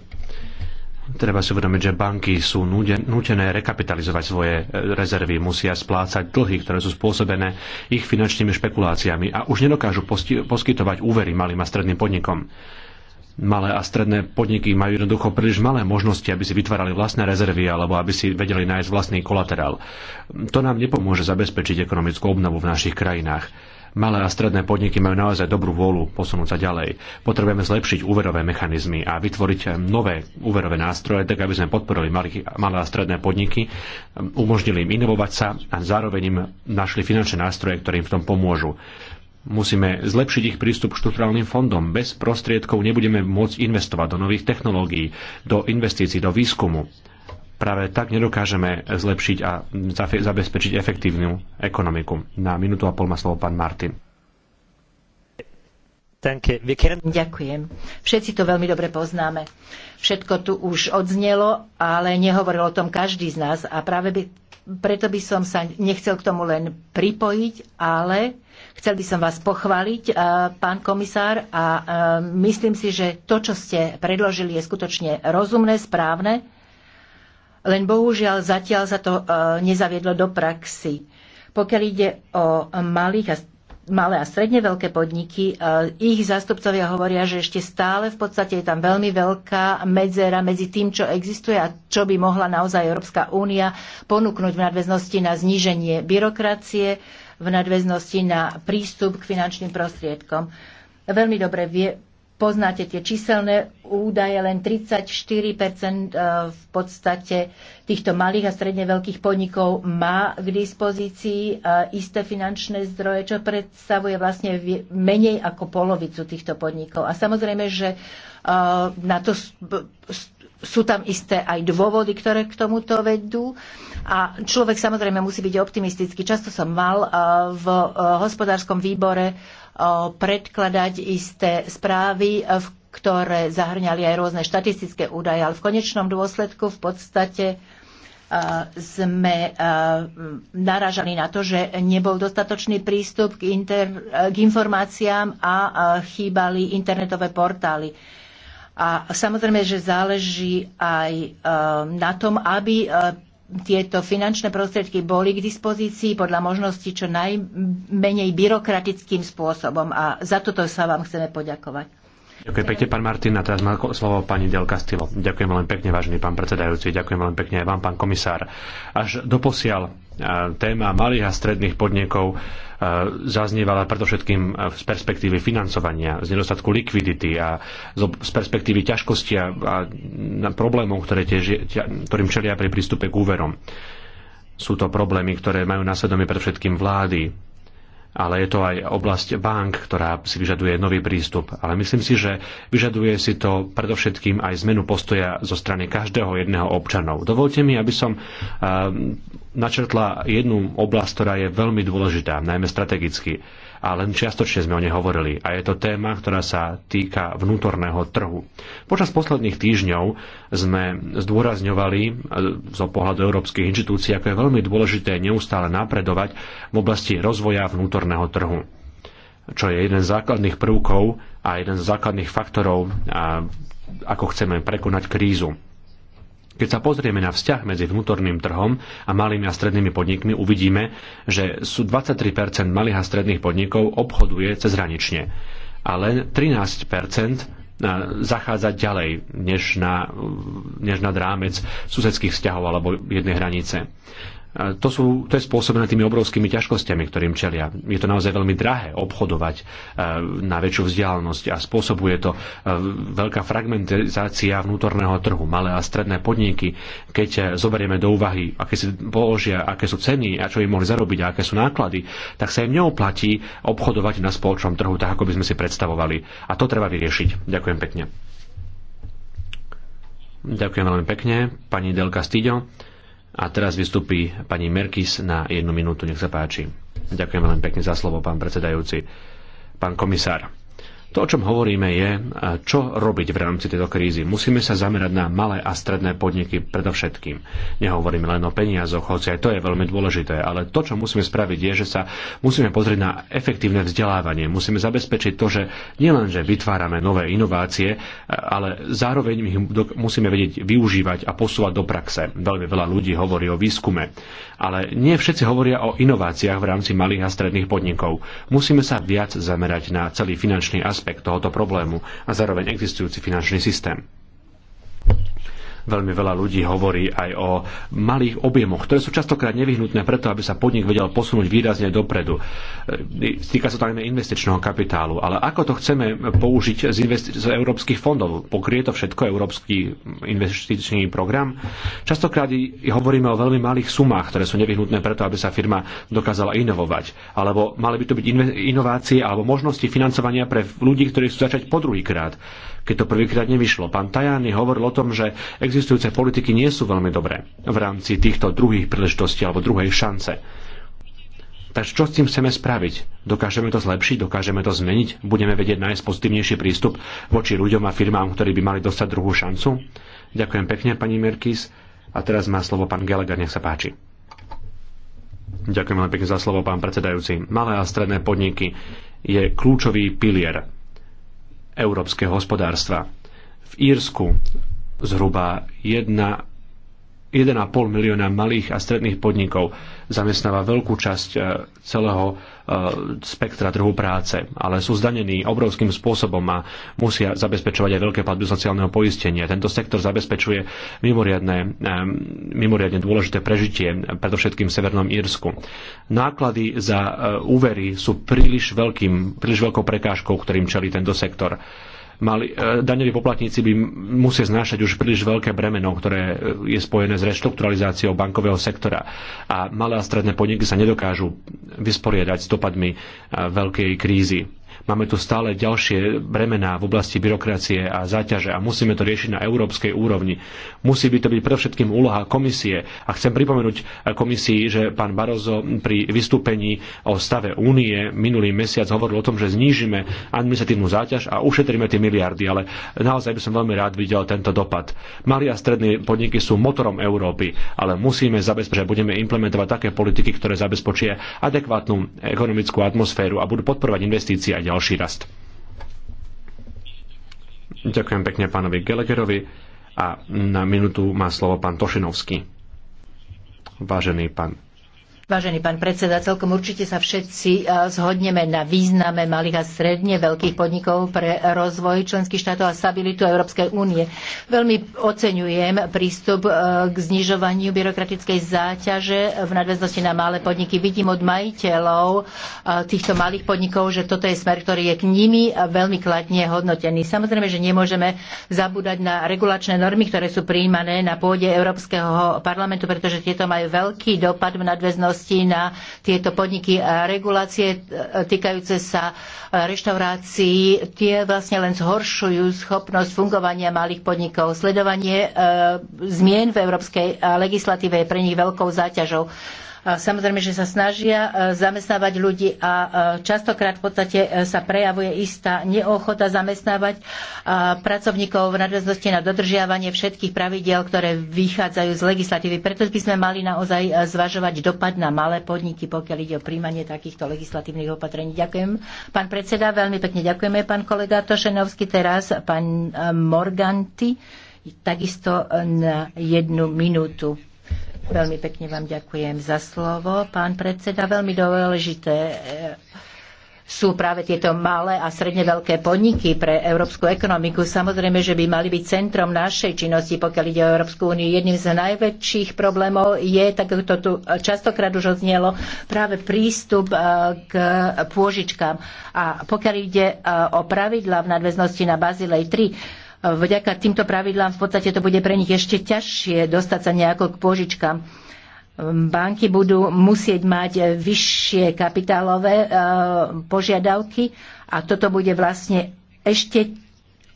Treba si uvedomiť, že banky sú nútené rekapitalizovať svoje e, rezervy, musia splácať dlhy, ktoré sú spôsobené ich finančnými špekuláciami a už nedokážu poskytovať úvery malým a stredným podnikom. Malé a stredné podniky majú jednoducho príliš malé možnosti, aby si vytvárali vlastné rezervy alebo aby si vedeli nájsť vlastný kolaterál. To nám nepomôže zabezpečiť ekonomickú obnovu v našich krajinách Malé a stredné podniky majú naozaj dobrú vôľu posunúť sa ďalej. Potrebujeme zlepšiť úverové mechanizmy a vytvoriť nové úverové nástroje, tak aby sme podporili malé a stredné podniky, umožnili im inovovať sa a zároveň im našli finančné nástroje, ktoré im v tom pomôžu. Musíme zlepšiť ich prístup k štruktúrálnym fondom. Bez prostriedkov nebudeme môcť investovať do nových technológií, do investícií, do výskumu práve tak nedokážeme zlepšiť a zabezpečiť efektívnu ekonomiku. Na minútu a pol má slovo pán Martin. Ďakujem. Všetci to veľmi dobre poznáme. Všetko tu už odznelo, ale nehovoril o tom každý z nás a práve by, preto by som sa nechcel k tomu len pripojiť, ale chcel by som vás pochváliť, eh, pán komisár, a eh, myslím si, že to, čo ste predložili, je skutočne rozumné, správne len bohužiaľ zatiaľ sa to e, nezaviedlo do praxi. Pokiaľ ide o malých a malé a stredne veľké podniky, e, ich zástupcovia hovoria, že ešte stále v podstate je tam veľmi veľká medzera medzi tým, čo existuje a čo by mohla naozaj Európska únia ponúknuť v nadväznosti na zníženie byrokracie, v nadväznosti na prístup k finančným prostriedkom. Veľmi dobre vie, poznáte tie číselné údaje, len 34% e, v podstate týchto malých a stredne veľkých podnikov má k dispozícii e, isté finančné zdroje, čo predstavuje vlastne menej ako polovicu týchto podnikov. A samozrejme, že e, na to sú tam isté aj dôvody, ktoré k tomuto vedú. A človek samozrejme musí byť optimistický. Často som mal v hospodárskom výbore predkladať isté správy, e, v ktoré zahrňali aj rôzne štatistické údaje, ale v konečnom dôsledku v podstate e, sme e, naražali na to, že nebol dostatočný prístup k, inter, k informáciám a chýbali internetové portály. A samozrejme, že záleží aj na tom, aby tieto finančné prostriedky boli k dispozícii podľa možností čo najmenej byrokratickým spôsobom. A za toto sa vám chceme poďakovať. Ďakujem pekne, pán Martin. A teraz má slovo pani Del Castillo. Ďakujem veľmi pekne, vážený pán predsedajúci. Ďakujem veľmi pekne aj vám, pán komisár. Až doposiaľ e, téma malých a stredných podnikov e, zaznievala predovšetkým z perspektívy financovania, z nedostatku likvidity a z perspektívy ťažkosti a problémov, ktoré tiež, ktorým čelia pri prístupe k úverom. Sú to problémy, ktoré majú na svedomí predovšetkým vlády, ale je to aj oblasť bank, ktorá si vyžaduje nový prístup. Ale myslím si, že vyžaduje si to predovšetkým aj zmenu postoja zo strany každého jedného občanov. Dovolte mi, aby som ehm, načrtla jednu oblasť, ktorá je veľmi dôležitá, najmä strategicky a len čiastočne sme o nej hovorili. A je to téma, ktorá sa týka vnútorného trhu. Počas posledných týždňov sme zdôrazňovali e, zo pohľadu európskych inštitúcií, ako je veľmi dôležité neustále napredovať v oblasti rozvoja vnútorného trhu čo je jeden z základných prvkov a jeden z základných faktorov, ako chceme prekonať krízu. Keď sa pozrieme na vzťah medzi vnútorným trhom a malými a strednými podnikmi, uvidíme, že sú 23 malých a stredných podnikov obchoduje cezhranične a len 13 zachádzať ďalej než na, než na rámec susedských vzťahov alebo jednej hranice to, sú, to je spôsobené tými obrovskými ťažkosťami, ktorým čelia. Je to naozaj veľmi drahé obchodovať e, na väčšiu vzdialenosť a spôsobuje to e, veľká fragmentizácia vnútorného trhu. Malé a stredné podniky, keď e, zoberieme do úvahy, aké si položia, aké sú ceny a čo im mohli zarobiť a aké sú náklady, tak sa im neoplatí obchodovať na spoločnom trhu tak, ako by sme si predstavovali. A to treba vyriešiť. Ďakujem pekne. Ďakujem veľmi pekne, pani Delka Stýďo. A teraz vystupí pani Merkis na jednu minútu, nech sa páči. Ďakujem veľmi pekne za slovo, pán predsedajúci. Pán komisár, to, o čom hovoríme, je, čo robiť v rámci tejto krízy. Musíme sa zamerať na malé a stredné podniky predovšetkým. Nehovoríme len o peniazoch, hoci aj to je veľmi dôležité, ale to, čo musíme spraviť, je, že sa musíme pozrieť na efektívne vzdelávanie. Musíme zabezpečiť to, že nielenže vytvárame nové inovácie, ale zároveň ich musíme vedieť využívať a posúvať do praxe. Veľmi veľa ľudí hovorí o výskume, ale nie všetci hovoria o inováciách v rámci malých a stredných podnikov. Musíme sa viac zamerať na celý finančný aspekt aspekt tohoto problému a zároveň existujúci finančný systém. Veľmi veľa ľudí hovorí aj o malých objemoch, ktoré sú častokrát nevyhnutné preto, aby sa podnik vedel posunúť výrazne dopredu. Stýka e, sa to najmä investičného kapitálu, ale ako to chceme použiť z, investi- z európskych fondov? Pokrie to všetko Európsky investičný program? Častokrát hovoríme o veľmi malých sumách, ktoré sú nevyhnutné preto, aby sa firma dokázala inovovať. Alebo mali by to byť inovácie alebo možnosti financovania pre ľudí, ktorí chcú začať po druhýkrát keď to prvýkrát nevyšlo. Pán Tajani hovoril o tom, že existujúce politiky nie sú veľmi dobré v rámci týchto druhých príležitostí alebo druhej šance. Takže čo s tým chceme spraviť? Dokážeme to zlepšiť, dokážeme to zmeniť, budeme vedieť nájsť pozitívnejší prístup voči ľuďom a firmám, ktorí by mali dostať druhú šancu. Ďakujem pekne, pani Merkis. A teraz má slovo pán Gallagher, nech sa páči. Ďakujem veľmi pekne za slovo, pán predsedajúci. Malé a stredné podniky je kľúčový pilier európskeho hospodárstva. V Írsku zhruba jedna 1,5 milióna malých a stredných podnikov zamestnáva veľkú časť e, celého e, spektra trhu práce, ale sú zdanení obrovským spôsobom a musia zabezpečovať aj veľké platby sociálneho poistenia. Tento sektor zabezpečuje mimoriadne, e, mimoriadne dôležité prežitie, predovšetkým v Severnom Írsku. Náklady za úvery sú príliš, veľkým, príliš veľkou prekážkou, ktorým čelí tento sektor mali, e, daňoví poplatníci by musia znášať už príliš veľké bremeno, ktoré e, je spojené s reštrukturalizáciou bankového sektora. A malé a stredné podniky sa nedokážu vysporiadať s dopadmi e, veľkej krízy. Máme tu stále ďalšie bremená v oblasti byrokracie a záťaže a musíme to riešiť na európskej úrovni. Musí by to byť predovšetkým úloha komisie. A chcem pripomenúť komisii, že pán Barozo pri vystúpení o stave únie minulý mesiac hovoril o tom, že znížime administratívnu záťaž a ušetríme tie miliardy, ale naozaj by som veľmi rád videl tento dopad. Malé a stredné podniky sú motorom Európy, ale musíme zabezpečiť, že budeme implementovať také politiky, ktoré zabezpečia adekvátnu ekonomickú atmosféru a budú podporovať investície a ďalšie ďalší rast. Ďakujem pekne pánovi Gelegerovi a na minútu má slovo pán Tošinovský. Vážený pán Vážený pán predseda, celkom určite sa všetci e, zhodneme na význame malých a stredne veľkých podnikov pre rozvoj členských štátov a stabilitu Európskej únie. Veľmi oceňujem prístup e, k znižovaniu byrokratickej záťaže v nadväznosti na malé podniky. Vidím od majiteľov e, týchto malých podnikov, že toto je smer, ktorý je k nimi veľmi kladne hodnotený. Samozrejme, že nemôžeme zabúdať na regulačné normy, ktoré sú prijímané na pôde Európskeho parlamentu, pretože tieto majú veľký dopad v nadväznosti ťažkosti na tieto podniky a regulácie e, týkajúce sa e, reštaurácií, tie vlastne len zhoršujú schopnosť fungovania malých podnikov. Sledovanie e, zmien v európskej legislatíve je pre nich veľkou záťažou. Samozrejme, že sa snažia e, zamestnávať ľudí a e, častokrát v podstate e, sa prejavuje istá neochota zamestnávať pracovníkov v nadväznosti na dodržiavanie všetkých pravidiel, ktoré vychádzajú z legislatívy. Preto by sme mali naozaj zvažovať dopad na malé podniky, pokiaľ ide o príjmanie takýchto legislatívnych opatrení. Ďakujem, pán predseda, veľmi pekne ďakujeme, pán kolega Tošenovský. Teraz pán Morganti, takisto na jednu minútu. Veľmi pekne vám ďakujem za slovo, pán predseda. Veľmi dôležité e, sú práve tieto malé a sredne veľké podniky pre európsku ekonomiku. Samozrejme, že by mali byť centrom našej činnosti, pokiaľ ide o Európsku úniu. Jedným z najväčších problémov je, tak to tu častokrát už odznielo, práve prístup e, k pôžičkám. A pokiaľ ide e, o pravidla v nadväznosti na Bazilej 3, vďaka týmto pravidlám v podstate to bude pre nich ešte ťažšie dostať sa nejako k požičkám. Banky budú musieť mať vyššie kapitálové e, požiadavky a toto bude vlastne ešte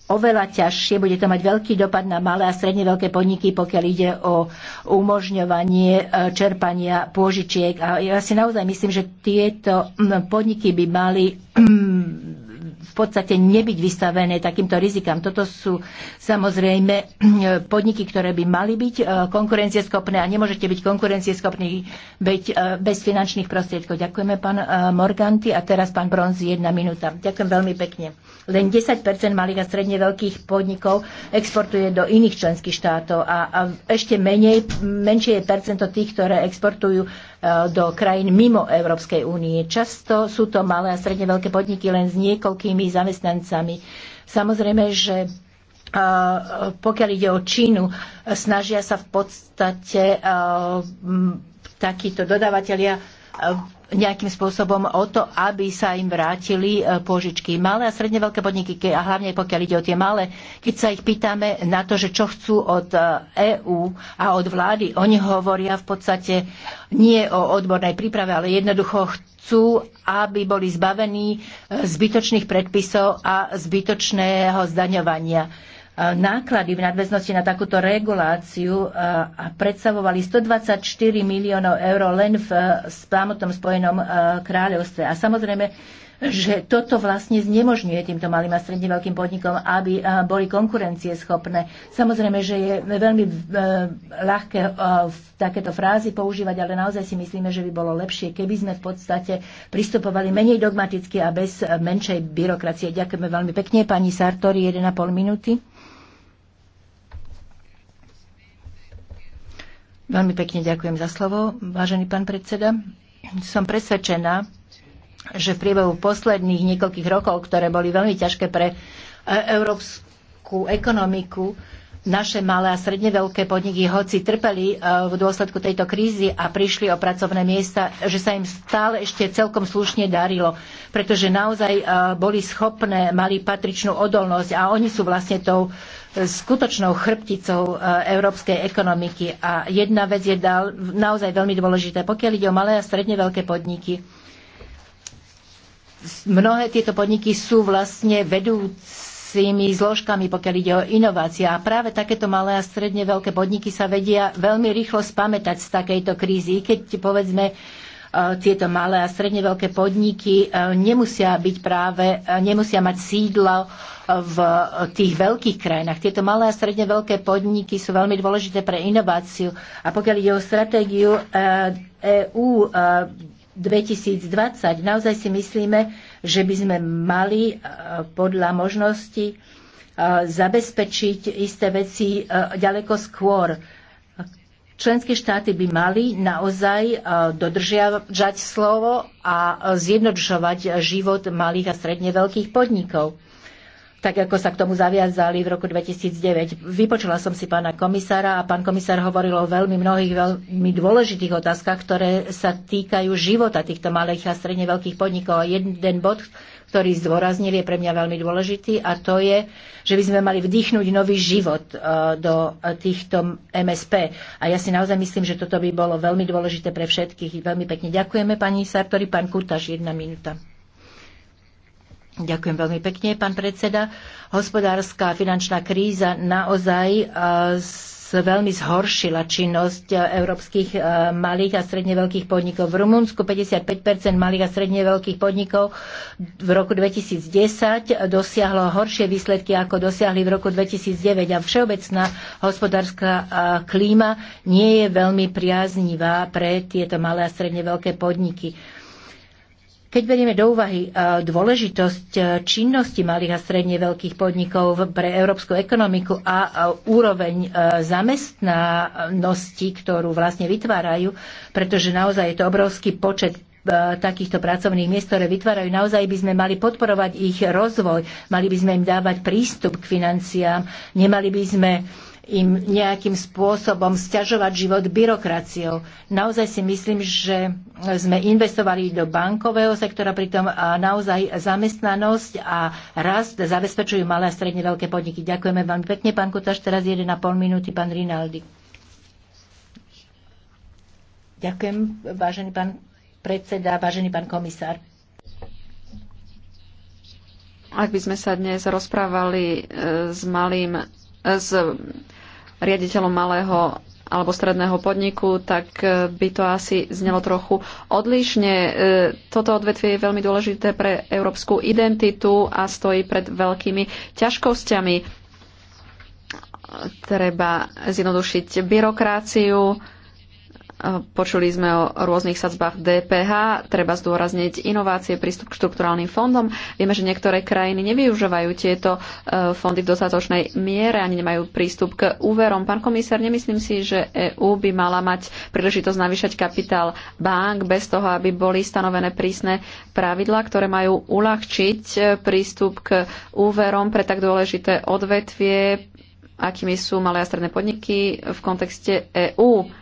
oveľa ťažšie, bude to mať veľký dopad na malé a stredne veľké podniky, pokiaľ ide o umožňovanie e, čerpania pôžičiek. A ja si naozaj myslím, že tieto podniky by mali v podstate nebyť vystavené takýmto rizikám. Toto sú samozrejme [clears throat] podniky, ktoré by mali byť e, konkurencieschopné a nemôžete byť konkurencieschopní byť e, bez finančných prostriedkov. Ďakujeme, pán e, Morganti. A teraz pán Bronz, jedna minúta. Ďakujem veľmi pekne. Len 10 malých a stredne veľkých podnikov exportuje do iných členských štátov a, a ešte menej, menšie je percento tých, ktoré exportujú do krajín mimo Európskej únie. Často sú to malé a stredne veľké podniky len s niekoľkými zamestnancami. Samozrejme, že pokiaľ ide o Čínu, snažia sa v podstate takíto dodávateľia nejakým spôsobom o to, aby sa im vrátili e, požičky. Malé a stredne veľké podniky, a hlavne pokiaľ ide o tie malé, keď sa ich pýtame na to, že čo chcú od EÚ e a od vlády, oni hovoria v podstate nie o odbornej príprave, ale jednoducho chcú, aby boli zbavení e, zbytočných predpisov a zbytočného zdaňovania náklady v nadväznosti na takúto reguláciu e, a predstavovali 124 miliónov eur len v e, spámotnom spojenom e, kráľovstve. A samozrejme, že toto vlastne znemožňuje týmto malým a stredne veľkým podnikom, aby boli konkurencieschopné. Samozrejme, že je veľmi ľahké takéto frázy používať, ale naozaj si myslíme, že by bolo lepšie, keby sme v podstate pristupovali menej dogmaticky a bez menšej byrokracie. Ďakujeme veľmi pekne. Pani Sartori, 1,5 minúty. Veľmi pekne ďakujem za slovo, vážený pán predseda. Som presvedčená, že v priebehu posledných niekoľkých rokov, ktoré boli veľmi ťažké pre e, európsku ekonomiku, naše malé a stredne veľké podniky, hoci trpeli e, v dôsledku tejto krízy a prišli o pracovné miesta, že sa im stále ešte celkom slušne darilo, pretože naozaj e, boli schopné, mali patričnú odolnosť a oni sú vlastne tou e, skutočnou chrbticou európskej ekonomiky. A jedna vec je naozaj veľmi dôležitá, pokiaľ ide o malé a stredne veľké podniky. Mnohé tieto podniky sú vlastne vedúce vedúcimi zložkami, pokiaľ ide o inovácie. A práve takéto malé a stredne veľké podniky sa vedia veľmi rýchlo spamätať z takejto krízy. keď povedzme e, tieto malé a stredne veľké podniky e, nemusia byť práve, e, nemusia mať sídlo v tých veľkých krajinách. Tieto malé a stredne veľké podniky sú veľmi dôležité pre inováciu. A pokiaľ ide o stratégiu EÚ 2020, naozaj si myslíme, že by sme mali e, podľa možnosti e, zabezpečiť isté veci e, ďaleko skôr. Členské štáty by mali naozaj dodržiavať slovo a zjednodušovať život malých a stredne veľkých podnikov tak ako sa k tomu zaviazali v roku 2009. Vypočula som si pána komisára a pán komisár hovoril o veľmi mnohých veľmi dôležitých otázkach, ktoré sa týkajú života týchto malých a stredne veľkých podnikov. A jeden bod, ktorý zdôraznil, je pre mňa veľmi dôležitý a to je, že by sme mali vdýchnuť nový život e, do e, týchto MSP. A ja si naozaj myslím, že toto by bolo veľmi dôležité pre všetkých. Veľmi pekne ďakujeme, pani Sartori. Pán Kurtaš, jedna minúta. Ďakujem veľmi pekne, pán predseda. Hospodárska a finančná kríza naozaj e, veľmi zhoršila činnosť e, európskych e, malých a stredne veľkých podnikov. V Rumunsku 55 malých a stredne veľkých podnikov v roku 2010 dosiahlo horšie výsledky, ako dosiahli v roku 2009 a všeobecná hospodárska klíma nie je veľmi priaznivá pre tieto malé a stredne veľké podniky. Keď berieme do úvahy e, dôležitosť e, činnosti malých a stredne veľkých podnikov pre európsku ekonomiku a e, úroveň zamestnanosti, ktorú vlastne vytvárajú, pretože naozaj je to obrovský počet takýchto pracovných miest, ktoré vytvárajú. Naozaj by sme mali podporovať ich rozvoj, mali by sme im dávať prístup k financiám, nemali by sme uh, im nejakým spôsobom sťažovať život byrokraciou. Naozaj si myslím, že sme investovali do bankového sektora, pritom naozaj zamestnanosť a rast zabezpečujú malé a stredne veľké podniky. Ďakujeme veľmi pekne, pán Kutaš. Teraz 1,5 minúty, pán Rinaldi. Ďakujem, vážený pán predseda, vážený pán komisár. Ak by sme sa dnes rozprávali eh, s malým s riaditeľom malého alebo stredného podniku, tak e, by to asi znelo trochu odlišne. E, toto odvetvie je veľmi dôležité pre európsku identitu a stojí pred veľkými ťažkosťami. Treba zjednodušiť byrokraciu, Počuli sme o rôznych sadzbách DPH, treba zdôrazniť inovácie, prístup k štrukturálnym fondom. Vieme, že niektoré krajiny nevyužívajú tieto e, fondy v dostatočnej miere, ani nemajú prístup k úverom. Pán komisár, nemyslím si, že EÚ by mala mať príležitosť navýšať kapitál bank bez toho, aby boli stanovené prísne pravidlá, ktoré majú uľahčiť e, prístup k úverom pre tak dôležité odvetvie, akými sú malé a stredné podniky v kontexte EÚ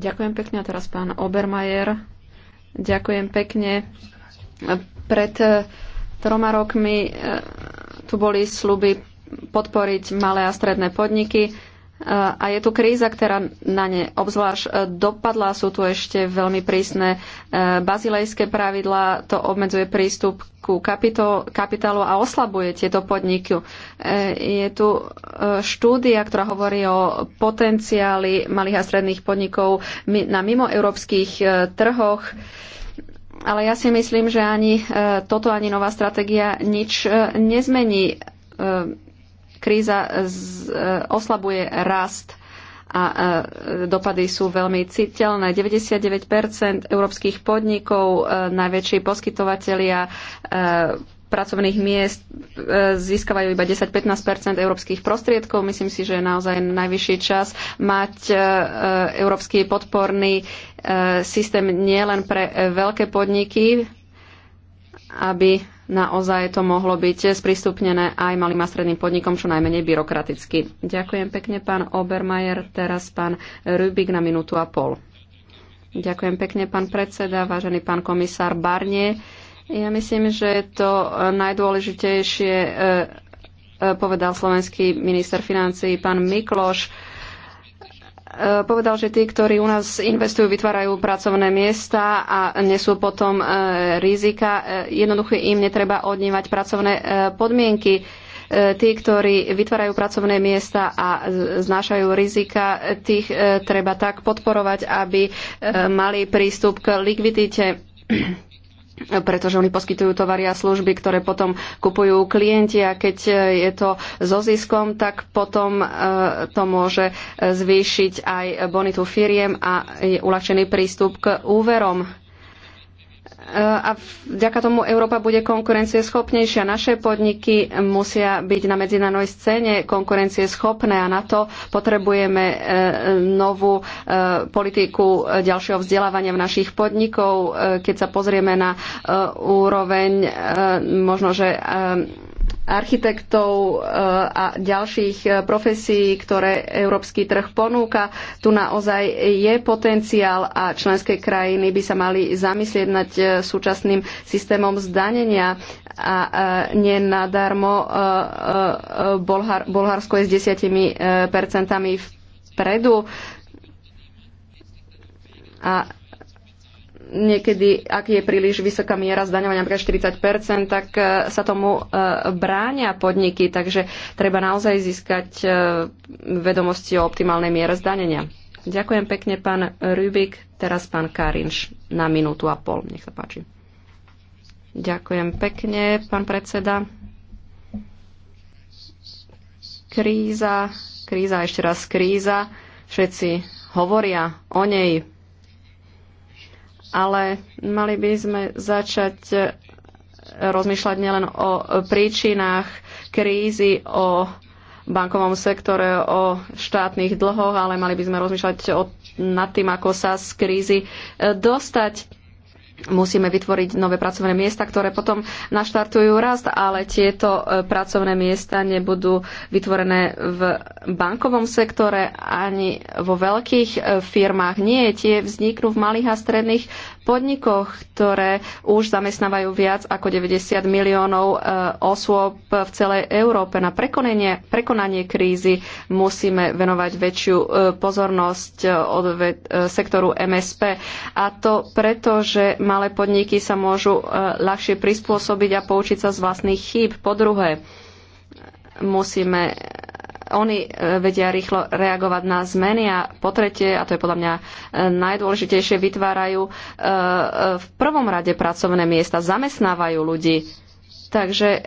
Ďakujem pekne a teraz pán Obermajer. Ďakujem pekne. Pred eh, troma rokmi eh, tu boli sluby podporiť malé a stredné podniky a je tu kríza, ktorá na ne obzvlášť e, dopadla. Sú tu ešte veľmi prísne e, bazilejské pravidlá. To obmedzuje prístup ku kapitálu a oslabuje tieto podniky. E, je tu štúdia, ktorá hovorí o potenciáli malých a stredných podnikov na mimoeurópskych trhoch. Ale ja si myslím, že ani toto, ani nová stratégia nič nezmení Kríza e, e, oslabuje rast a e, dopady sú veľmi citeľné. 99 európskych podnikov, najväčší poskytovatelia pracovných miest získavajú iba 10-15 európskych prostriedkov. Myslím si, že je naozaj najvyšší čas mať európsky podporný systém nielen pre veľké podniky, aby naozaj to mohlo byť sprístupnené aj malým a stredným podnikom čo najmenej byrokraticky. Ďakujem pekne, pán Obermajer. Teraz pán Rubik na minútu a pol. Ďakujem pekne, pán predseda, vážený pán komisár Barnie. Ja myslím, že to najdôležitejšie eh, eh, povedal slovenský minister financií, pán Mikloš E, povedal, že tí, ktorí u nás investujú, vytvárajú pracovné miesta a nesú potom e, rizika. E, jednoducho im netreba odnímať pracovné podmienky. Tí, ktorí vytvárajú pracovné miesta a znášajú rizika, tých treba tak podporovať, aby mali prístup k likvidite pretože oni poskytujú tovary a služby, ktoré potom kupujú klienti a keď e, je to so ziskom, tak potom e, to môže e, zvýšiť aj bonitu firiem a je uľahčený prístup k úverom a vďaka tomu Európa bude konkurencieschopnejšia. Naše podniky musia byť na medzinárodnej scéne konkurencieschopné a na to potrebujeme e, novú e, politiku ďalšieho vzdelávania v našich podnikov. E, keď sa pozrieme na úroveň možno, že architektov e, a ďalších e, profesí, ktoré európsky trh ponúka. Tu naozaj je potenciál a členské krajiny by sa mali zamyslieť nad e, súčasným systémom zdanenia a nie nadarmo Bulharsko je s 10% vpredu a niekedy, ak je príliš vysoká miera zdaňovania, napríklad 40%, tak e, sa tomu e, bránia podniky, takže treba naozaj získať e, vedomosti o optimálnej miere zdanenia. Ďakujem pekne, pán Rubik. Teraz pán Karinš na minútu a pol. Nech sa páči. Ďakujem pekne, pán predseda. Kríza, kríza, ešte raz kríza. Všetci hovoria o nej, ale mali by sme začať e, rozmýšľať nielen o príčinách krízy, o bankovom sektore, o štátnych dlhoch, ale mali by sme rozmýšľať o, nad tým, ako sa z krízy e, dostať musíme vytvoriť nové pracovné miesta, ktoré potom naštartujú rast, ale tieto e, pracovné miesta nebudú vytvorené v bankovom sektore ani vo veľkých e, firmách. Nie, tie vzniknú v malých a stredných podnikoch, ktoré už zamestnávajú viac ako 90 miliónov e, osôb v celej Európe. Na prekonanie, prekonanie krízy musíme venovať väčšiu e, pozornosť e, od sektoru MSP. A to preto, že malé podniky sa môžu ľahšie prispôsobiť a poučiť sa z vlastných chýb. Po druhé, musíme oni e, vedia rýchlo reagovať na zmeny a po tretie, a to je podľa mňa e, najdôležitejšie, vytvárajú e, v prvom rade pracovné miesta, zamestnávajú ľudí. Takže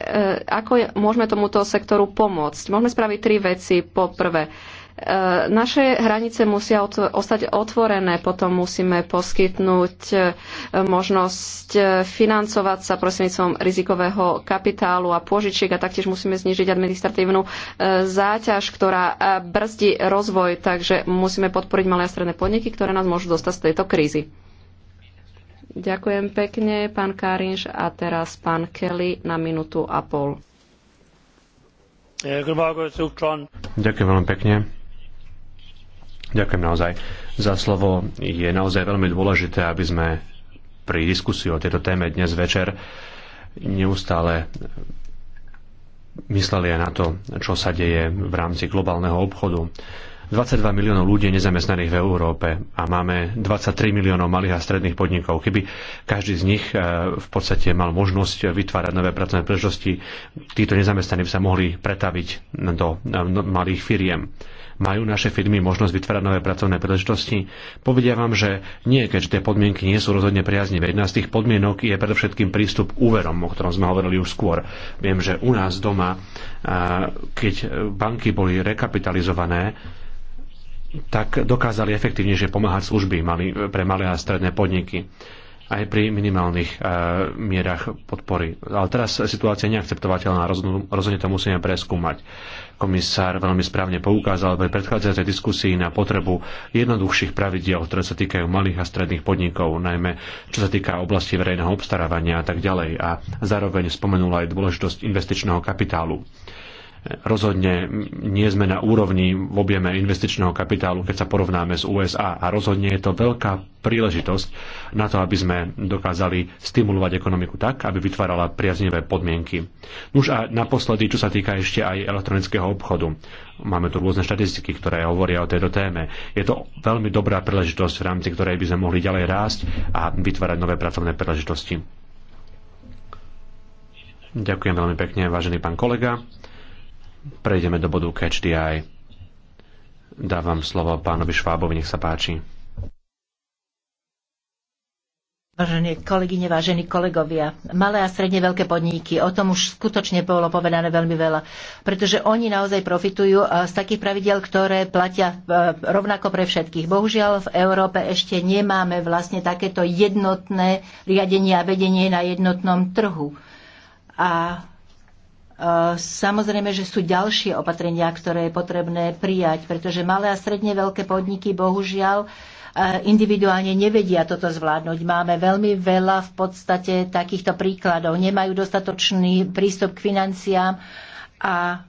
ako je, môžeme tomuto sektoru pomôcť? Môžeme spraviť tri veci. Po prvé, E, naše hranice musia ostať otvorené, potom musíme poskytnúť e, možnosť e, financovať sa prostredníctvom rizikového kapitálu a požičiek a taktiež musíme znižiť administratívnu záťaž, ktorá brzdí rozvoj, takže musíme podporiť malé a stredné podniky, ktoré nás môžu dostať z tejto krízy. Ďakujem pekne, pán Karinš. A teraz pán Kelly na minútu a pol. Ďakujem veľmi pekne. Ďakujem naozaj za slovo. Je naozaj veľmi dôležité, aby sme pri diskusii o tejto téme dnes večer neustále mysleli aj na to, čo sa deje v rámci globálneho obchodu. 22 miliónov ľudí nezamestnaných v Európe a máme 23 miliónov malých a stredných podnikov. Keby každý z nich eh, v podstate mal možnosť vytvárať nové pracovné príležitosti, títo nezamestnaní by sa mohli pretaviť do eh, no, malých firiem. Majú naše firmy možnosť vytvárať nové pracovné príležitosti? Povedia vám, že nie, keďže tie podmienky nie sú rozhodne priaznivé. Jedna z tých podmienok je predovšetkým prístup k úverom, o ktorom sme hovorili už skôr. Viem, že u nás doma, keď banky boli rekapitalizované, tak dokázali efektívnejšie pomáhať služby mali, pre malé a stredné podniky aj pri minimálnych uh, mierach podpory. Ale teraz situácia je neakceptovateľná, rozhodne to musíme preskúmať. Komisár veľmi správne poukázal pri predchádzajúcej diskusii na potrebu jednoduchších pravidiel, ktoré sa týkajú malých a stredných podnikov, najmä čo sa týka oblasti verejného obstarávania a tak ďalej. A zároveň spomenul aj dôležitosť investičného kapitálu. Uh, Rozhodne nie sme na úrovni v objeme investičného kapitálu, keď sa porovnáme s USA a rozhodne je to veľká príležitosť na to, aby sme dokázali stimulovať ekonomiku tak, aby vytvárala priaznivé podmienky. Už a naposledy, čo sa týka ešte aj elektronického obchodu. Máme tu rôzne štatistiky, ktoré hovoria o tejto téme. Je to veľmi dobrá príležitosť, v rámci ktorej by sme mohli ďalej rásť a vytvárať nové pracovné príležitosti. Ďakujem veľmi pekne, vážený pán kolega. Prejdeme do bodu Catch the Eye. Dávam slovo pánovi Švábovi, nech sa páči. Vážené kolegyne, vážení kolegovia, malé a stredne veľké podniky, o tom už skutočne bolo povedané veľmi veľa, pretože oni naozaj profitujú e, z takých pravidel, ktoré platia e, rovnako pre všetkých. Bohužiaľ v Európe ešte nemáme vlastne takéto jednotné riadenie a vedenie na jednotnom trhu. A Samozrejme, že sú ďalšie opatrenia, ktoré je potrebné prijať, pretože malé a stredne veľké podniky bohužiaľ e, individuálne nevedia toto zvládnuť. Máme veľmi veľa v podstate takýchto príkladov. Nemajú dostatočný prístup k financiám a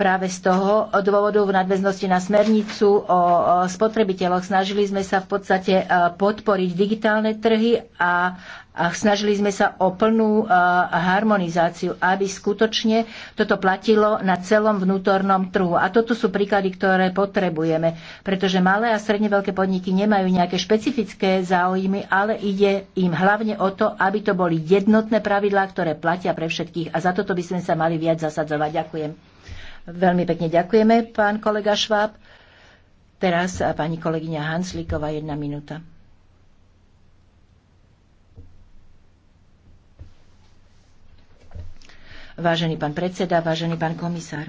práve z toho dôvodu v nadväznosti na smernicu o spotrebiteľoch. Snažili sme sa v podstate e, podporiť digitálne trhy a a snažili sme sa o plnú e, harmonizáciu, aby skutočne toto platilo na celom vnútornom trhu. A toto sú príklady, ktoré potrebujeme, pretože malé a stredne veľké podniky nemajú nejaké špecifické záujmy, ale ide im hlavne o to, aby to boli jednotné pravidlá, ktoré platia pre všetkých. A za toto by sme sa mali viac zasadzovať. Ďakujem. Veľmi pekne ďakujeme, pán kolega Šváb. Teraz pani kolegyňa Hanslíková, jedna minúta. Vážený pán predseda, vážený pán komisár.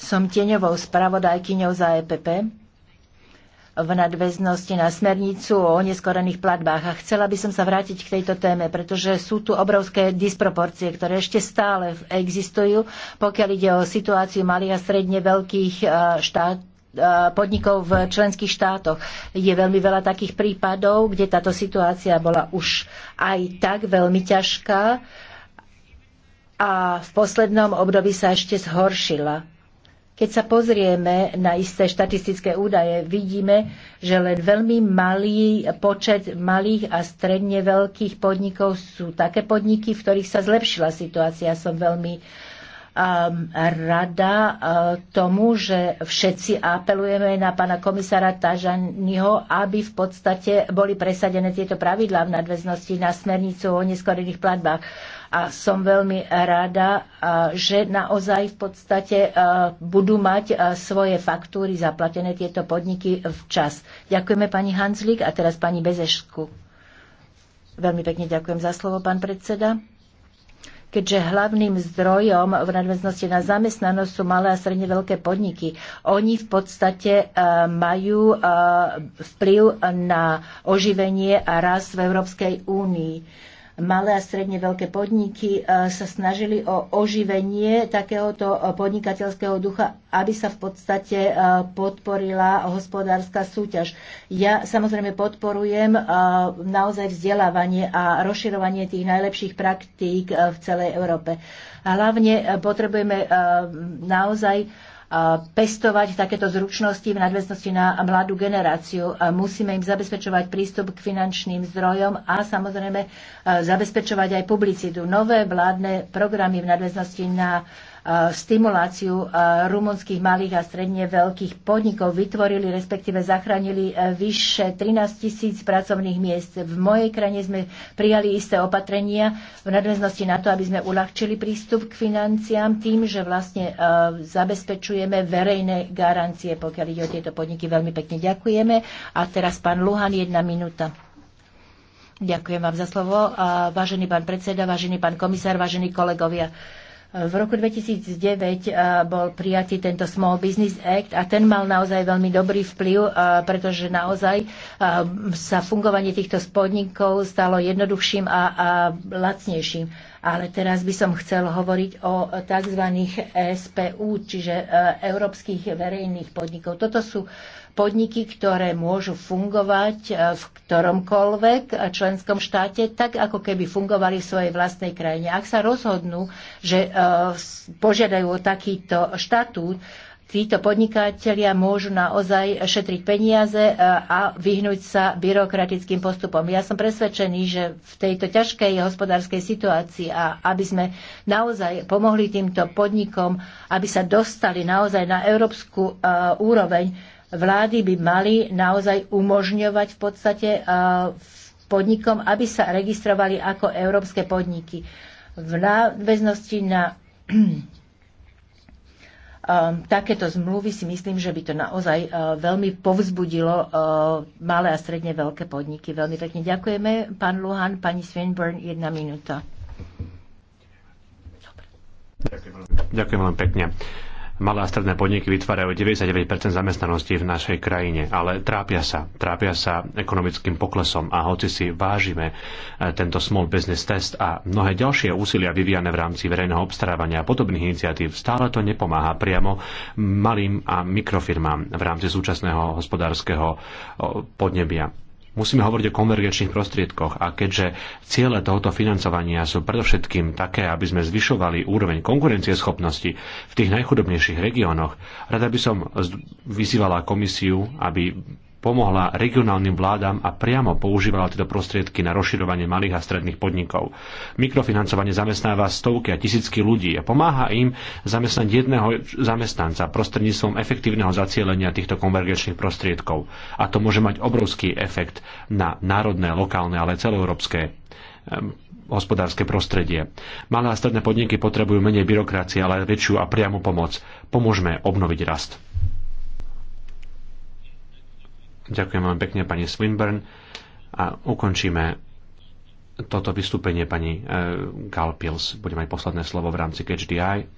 Som tieňovou spravodajkyňou za EPP v nadväznosti na smernicu o neskorených platbách. A chcela by som sa vrátiť k tejto téme, pretože sú tu obrovské disproporcie, ktoré ešte stále existujú, pokiaľ ide o situáciu malých a stredne veľkých e, štát, e, podnikov v členských štátoch. Je veľmi veľa takých prípadov, kde táto situácia bola už aj tak veľmi ťažká a v poslednom období sa ešte zhoršila. Keď sa pozrieme na isté štatistické údaje, vidíme, že len veľmi malý počet malých a stredne veľkých podnikov sú také podniky, v ktorých sa zlepšila situácia. Som veľmi Ehm, rada eh, tomu, že všetci apelujeme na pána komisára Tažaniho, aby v podstate boli presadené tieto pravidlá v nadväznosti na smernicu o neskorených platbách. A som veľmi rada, eh, že naozaj v podstate eh, budú mať svoje faktúry zaplatené tieto podniky včas. Ďakujeme pani Hanzlík a teraz pani Bezešku. Veľmi pekne ďakujem za slovo, pán predseda keďže hlavným zdrojom v nadväznosti na zamestnanosť sú malé a stredne veľké podniky. Oni v podstate e, majú e, vplyv na oživenie a rast v Európskej únii malé a stredne veľké podniky e, sa snažili o oživenie takéhoto e, podnikateľského ducha, aby sa v podstate e, podporila hospodárska súťaž. Ja samozrejme podporujem naozaj vzdelávanie a rozširovanie tých najlepších praktík v celej Európe. Hlavne potrebujeme naozaj pestovať takéto zručnosti v nadväznosti na mladú generáciu. Musíme im zabezpečovať prístup k finančným zdrojom a samozrejme e, zabezpečovať aj publicitu. Nové vládne programy v nadväznosti na stimuláciu rumunských malých a stredne veľkých podnikov vytvorili, respektíve zachránili e, vyše 13 tisíc pracovných miest. V mojej krajine sme prijali isté opatrenia v nadväznosti na to, aby sme uľahčili prístup k financiám tým, že vlastne e, zabezpečujeme verejné garancie, pokiaľ ide o tieto podniky. Veľmi pekne ďakujeme. A teraz pán Luhan, jedna minúta. Ďakujem vám za slovo. Vážený pán predseda, vážený pán komisár, vážení kolegovia. V roku 2009 eh, bol prijatý tento Small Business Act a ten mal naozaj veľmi dobrý vplyv, eh, pretože naozaj eh, sa fungovanie týchto podnikov stalo jednoduchším a, a lacnejším. Ale teraz by som chcel hovoriť o tzv. SPU, čiže európskych verejných podnikov. Toto sú podniky, ktoré môžu fungovať e, v ktoromkoľvek e, členskom štáte, tak ako keby fungovali v svojej vlastnej krajine. Ak sa rozhodnú, že e, požiadajú o takýto štatút, títo podnikatelia môžu naozaj šetriť peniaze a vyhnúť sa byrokratickým postupom. Ja som presvedčený, že v tejto ťažkej hospodárskej situácii a aby sme naozaj pomohli týmto podnikom, aby sa dostali naozaj na európsku úroveň, vlády by mali naozaj umožňovať v podstate eh, podnikom, aby sa registrovali ako európske podniky. V náväznosti na [clears throat] eh, takéto zmluvy si myslím, že by to naozaj eh, veľmi povzbudilo malé a stredne veľké podniky. Veľmi pekne ďakujeme. Pán Luhan, pani Swinburne, jedna minúta. Ďakujem veľmi pekne. Malé a stredné podniky vytvárajú 99% zamestnanosti v našej krajine, ale trápia sa. Trápia sa ekonomickým poklesom a hoci si vážime e, tento Small Business Test a mnohé ďalšie úsilia vyvíjane v rámci verejného obstarávania a podobných iniciatív, stále to nepomáha priamo malým a mikrofirmám v rámci súčasného hospodárskeho podnebia. Musíme hovoriť o konvergenčných prostriedkoch a keďže ciele tohoto financovania sú predovšetkým také, aby sme zvyšovali úroveň konkurencieschopnosti v tých najchudobnejších regiónoch, rada by som vyzývala komisiu, aby pomohla regionálnym vládam a priamo používala tieto prostriedky na rozširovanie malých a stredných podnikov. Mikrofinancovanie zamestnáva stovky a tisícky ľudí a pomáha im zamestnať jedného zamestnanca prostredníctvom efektívneho zacielenia týchto konvergenčných prostriedkov. A to môže mať obrovský efekt na národné, lokálne, ale celoeurópske hospodárske prostredie. Malé a stredné podniky potrebujú menej byrokracie, ale väčšiu a priamu pomoc. Pomôžme obnoviť rast. Ďakujem veľmi pekne pani Swinburne a ukončíme toto vystúpenie pani e, Gal Pils. Bude mať posledné slovo v rámci HDI.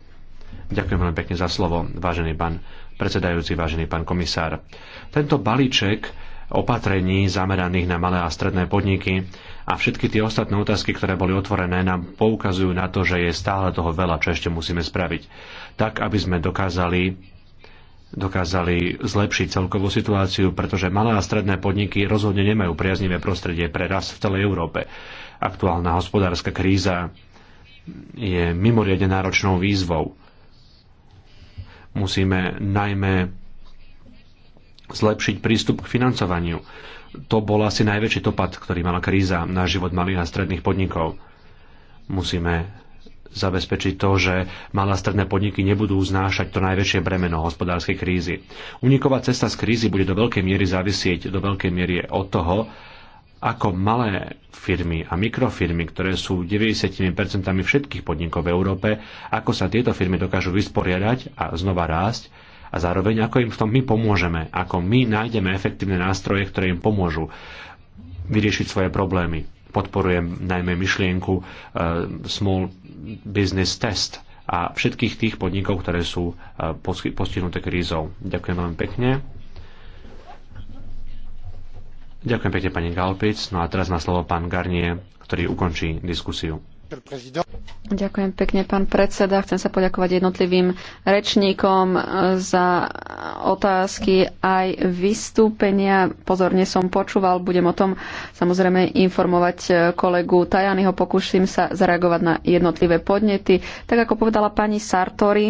Ďakujem veľmi pekne za slovo, vážený pán predsedajúci, vážený pán komisár. Tento balíček opatrení zameraných na malé a stredné podniky a všetky tie ostatné otázky, ktoré boli otvorené, nám poukazujú na to, že je stále toho veľa, čo ešte musíme spraviť, tak aby sme dokázali dokázali zlepšiť celkovú situáciu, pretože malé a stredné podniky rozhodne nemajú priaznivé prostredie pre rast v celej Európe. Aktuálna hospodárska kríza je mimoriadne náročnou výzvou. Musíme najmä zlepšiť prístup k financovaniu. To bol asi najväčší dopad, ktorý mala kríza na život malých a stredných podnikov. Musíme zabezpečiť to, že malé a stredné podniky nebudú znášať to najväčšie bremeno hospodárskej krízy. Uniková cesta z krízy bude do veľkej miery závisieť do veľkej miery od toho, ako malé firmy a mikrofirmy, ktoré sú 90% všetkých podnikov v Európe, ako sa tieto firmy dokážu vysporiadať a znova rásť a zároveň ako im v tom my pomôžeme, ako my nájdeme efektívne nástroje, ktoré im pomôžu vyriešiť svoje problémy. Podporujem najmä myšlienku eh, Small Business Test a všetkých tých podnikov, ktoré sú eh, postihnuté krízou. Ďakujem veľmi pekne. Ďakujem pekne pani Galpic. No a teraz má slovo pán Garnie, ktorý ukončí diskusiu. Ďakujem pekne, pán predseda. Chcem sa poďakovať jednotlivým rečníkom e, za otázky aj vystúpenia. Pozorne som počúval, budem o tom samozrejme informovať e, kolegu Tajanyho. Pokúsim sa zareagovať na jednotlivé podnety. Tak ako povedala pani Sartori,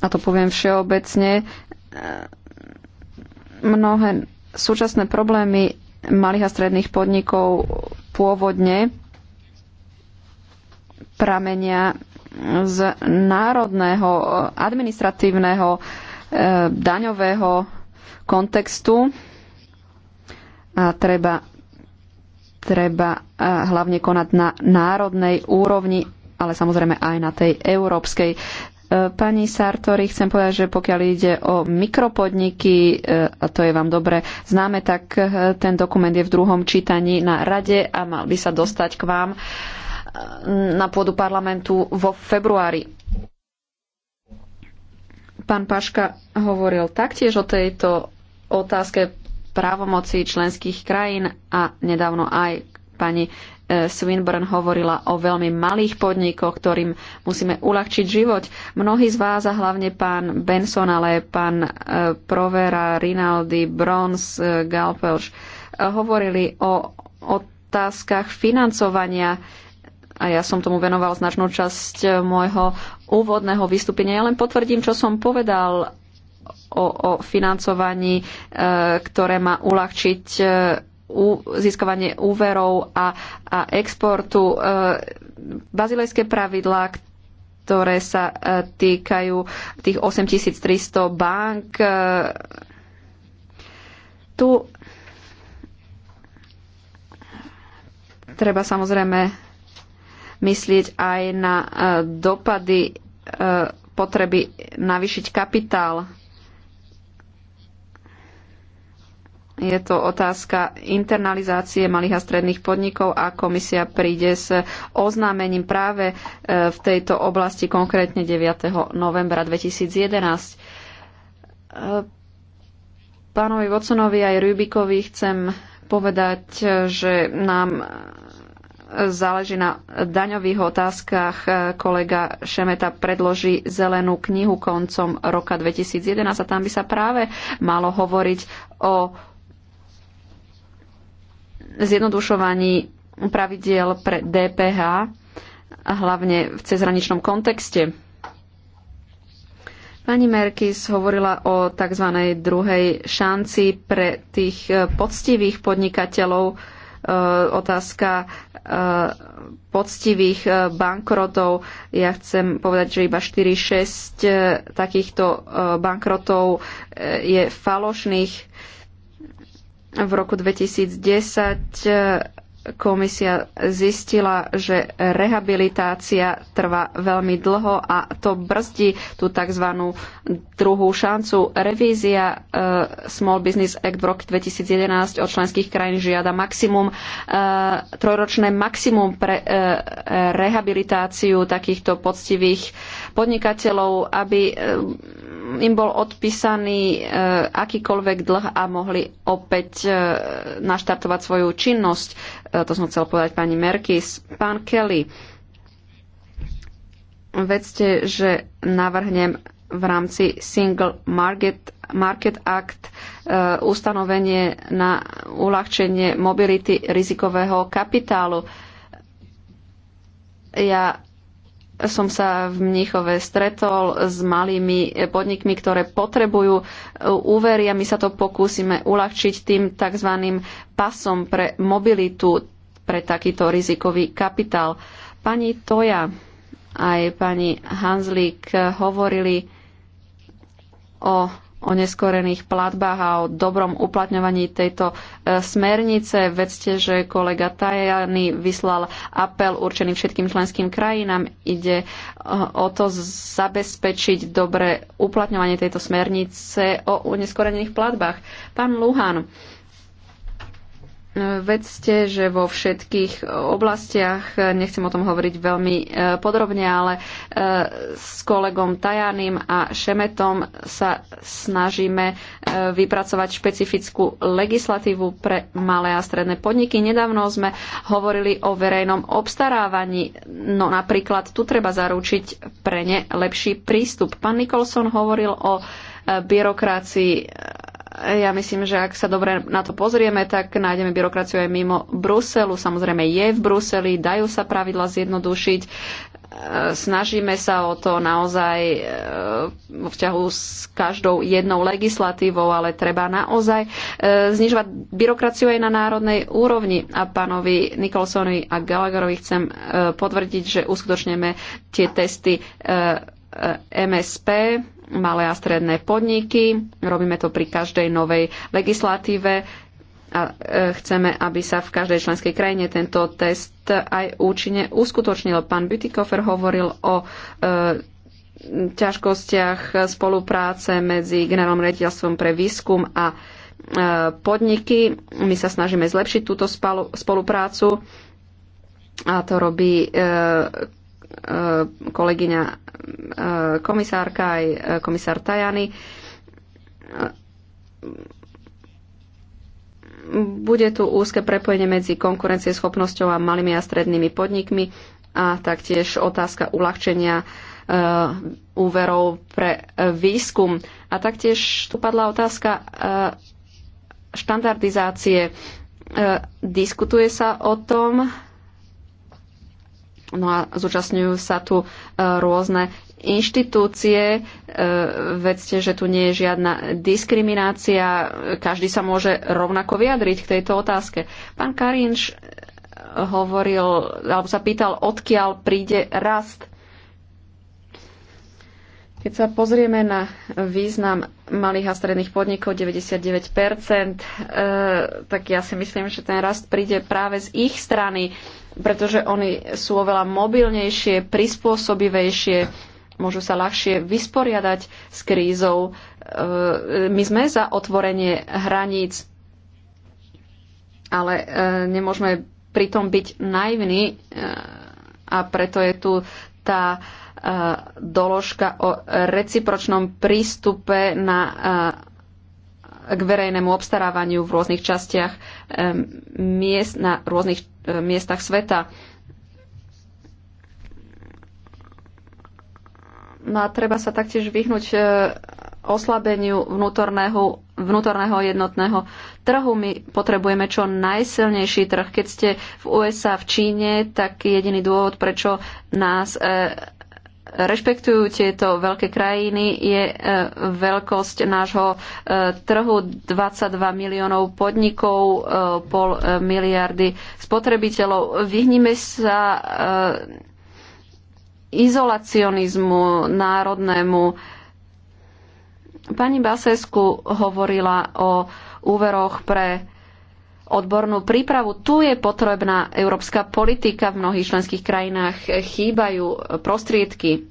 a to poviem všeobecne, e, mnohé súčasné problémy malých a stredných podnikov pôvodne pramenia z národného, eh, administratívneho, eh, daňového kontextu a treba, treba eh, hlavne konať na národnej úrovni, ale samozrejme aj na tej európskej. Pani Sartori, chcem povedať, že pokiaľ ide o mikropodniky, a to je vám dobre známe, tak ten dokument je v druhom čítaní na rade a mal by sa dostať k vám. Uh, na pôdu parlamentu vo februári. Pán Paška hovoril taktiež o tejto otázke právomoci členských krajín a nedávno aj pani e, Swinburne hovorila o veľmi malých podnikoch, ktorým musíme uľahčiť život. Mnohí z vás, a hlavne pán Benson, ale aj pán e, Provera, Rinaldi, Brons, e, Galpelš, hovorili o otázkach financovania a ja som tomu venoval značnú časť eh, môjho úvodného vystúpenia. Ja len potvrdím, čo som povedal o, o financovaní, e, ktoré má uľahčiť e, eh, u, získavanie úverov a, a exportu. E, bazilejské pravidlá, ktoré sa e, týkajú tých 8300 bank. E, tu treba samozrejme myslieť aj na e, dopady e, potreby navýšiť kapitál. Je to otázka internalizácie malých a stredných podnikov a komisia príde s oznámením práve e, v tejto oblasti, konkrétne 9. novembra 2011. Pánovi Voconovi aj Rubikovi chcem povedať, že nám záleží na daňových otázkach. Kolega Šemeta predloží zelenú knihu koncom roka 2011 a tam by sa práve malo hovoriť o zjednodušovaní pravidiel pre DPH, hlavne v cezhraničnom kontexte. Pani Merkis hovorila o tzv. druhej šanci pre tých poctivých podnikateľov, Eh, otázka eh, poctivých eh, bankrotov. Ja chcem povedať, že iba 4-6 takýchto bankrotov je falošných. V roku 2010 komisia zistila, že rehabilitácia trvá veľmi dlho a to brzdí tú tzv. druhú šancu. Revízia e, Small Business Act v roku 2011 od členských krajín žiada maximum, e, trojročné maximum pre e, rehabilitáciu takýchto poctivých podnikateľov, aby im bol odpísaný e, akýkoľvek dlh a mohli opäť e, naštartovať svoju činnosť. E, to som chcel povedať pani Merkis. Pán Kelly, vedzte, že navrhnem v rámci Single Market, Market Act ustanovenie na uľahčenie mobility rizikového kapitálu. Ja som sa v Mníchove stretol s malými podnikmi, ktoré potrebujú e, úvery a my sa to pokúsime uľahčiť tým tzv. pasom pre mobilitu pre takýto rizikový kapitál. Pani Toja aj pani Hanzlík hovorili o o neskorených platbách a o dobrom uplatňovaní tejto e, smernice. Vedzte, že kolega Tajani vyslal apel určený všetkým členským krajinám. Ide e, o to zabezpečiť dobre uplatňovanie tejto smernice o neskorených platbách. Pán Luhan, vedzte, že vo všetkých oblastiach, nechcem o tom hovoriť veľmi e, podrobne, ale e, s kolegom Tajaným a Šemetom sa snažíme e, vypracovať špecifickú legislatívu pre malé a stredné podniky. Nedávno sme hovorili o verejnom obstarávaní, no napríklad tu treba zaručiť pre ne lepší prístup. Pán Nikolson hovoril o byrokracii ja myslím, že ak sa dobre na to pozrieme, tak nájdeme byrokraciu aj mimo Bruselu. Samozrejme je v Bruseli, dajú sa pravidla zjednodušiť. E, snažíme sa o to naozaj e, vo vzťahu s každou jednou legislatívou, ale treba naozaj e, znižovať byrokraciu aj na národnej úrovni. A pánovi Nikolsonovi a Gallagherovi chcem potvrdiť, že uskutočneme tie testy MSP, malé a stredné podniky. Robíme to pri každej novej legislatíve a e, chceme, aby sa v každej členskej krajine tento test aj účinne uskutočnil. Pán Bütikofer hovoril o e, ťažkostiach spolupráce medzi generálnym rediteľstvom pre výskum a e, podniky. My sa snažíme zlepšiť túto spoluprácu a to robí E, kolegyňa e, komisárka aj e, komisár Tajany. Bude tu úzke prepojenie medzi konkurencieschopnosťou a malými a strednými podnikmi a taktiež otázka uľahčenia úverov pre výskum. A taktiež tu padla otázka štandardizácie. Diskutuje sa o tom, No a zúčastňujú sa tu e, rôzne inštitúcie. E, vedzte, že tu nie je žiadna diskriminácia. Každý sa môže rovnako vyjadriť k tejto otázke. Pán Karinš e, hovoril, alebo sa pýtal, odkiaľ príde rast. Keď sa pozrieme na význam malých a stredných podnikov 99%, tak ja si myslím, že ten rast príde práve z ich strany pretože oni sú oveľa mobilnejšie, prispôsobivejšie, môžu sa ľahšie vysporiadať s krízou. E, my sme za otvorenie hraníc, ale e, nemôžeme pritom byť naivní e, a preto je tu tá doložka o recipročnom prístupe na k verejnému obstarávaniu v rôznych častiach miest, na rôznych e, miestach sveta. No a treba sa taktiež vyhnúť e, oslabeniu vnútorného, vnútorného jednotného trhu. My potrebujeme čo najsilnejší trh. Keď ste v USA, v Číne, tak jediný dôvod, prečo nás e, rešpektujú tieto veľké krajiny, je e, veľkosť nášho e, trhu 22 miliónov podnikov, e, pol miliardy spotrebiteľov. Vyhnime sa izolacionizmu národnému. Pani Basesku hovorila o úveroch pre odbornú prípravu. Tu je potrebná európska politika. V mnohých členských krajinách chýbajú prostriedky.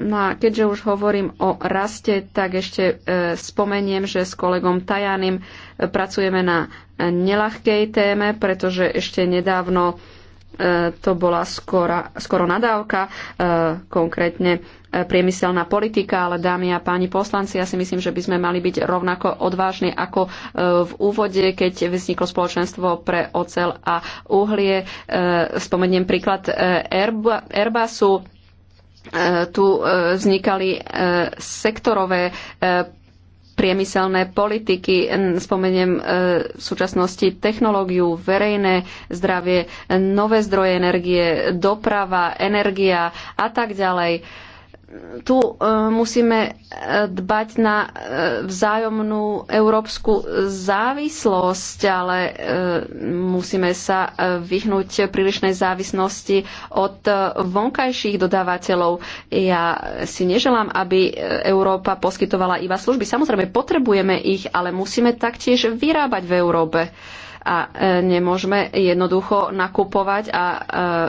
No a keďže už hovorím o raste, tak ešte e, spomeniem, že s kolegom Tajanim e, pracujeme na nelahkej téme, pretože ešte nedávno e, to bola skora, skoro nadávka, e, konkrétne priemyselná politika, ale dámy a páni poslanci, ja si myslím, že by sme mali byť rovnako odvážni ako e, v úvode, keď vzniklo spoločenstvo pre ocel a uhlie. E, spomeniem príklad e, Airbusu. Tu vznikali sektorové priemyselné politiky, spomeniem v súčasnosti technológiu, verejné zdravie, nové zdroje energie, doprava, energia a tak ďalej tu e, musíme e, dbať na e, vzájomnú európsku závislosť, ale musíme sa vyhnúť prílišnej závislosti od vonkajších dodávateľov. Ja si neželám, aby Európa poskytovala iba služby. Samozrejme, potrebujeme ich, ale musíme taktiež vyrábať v Európe a e, nemôžeme jednoducho nakupovať a e,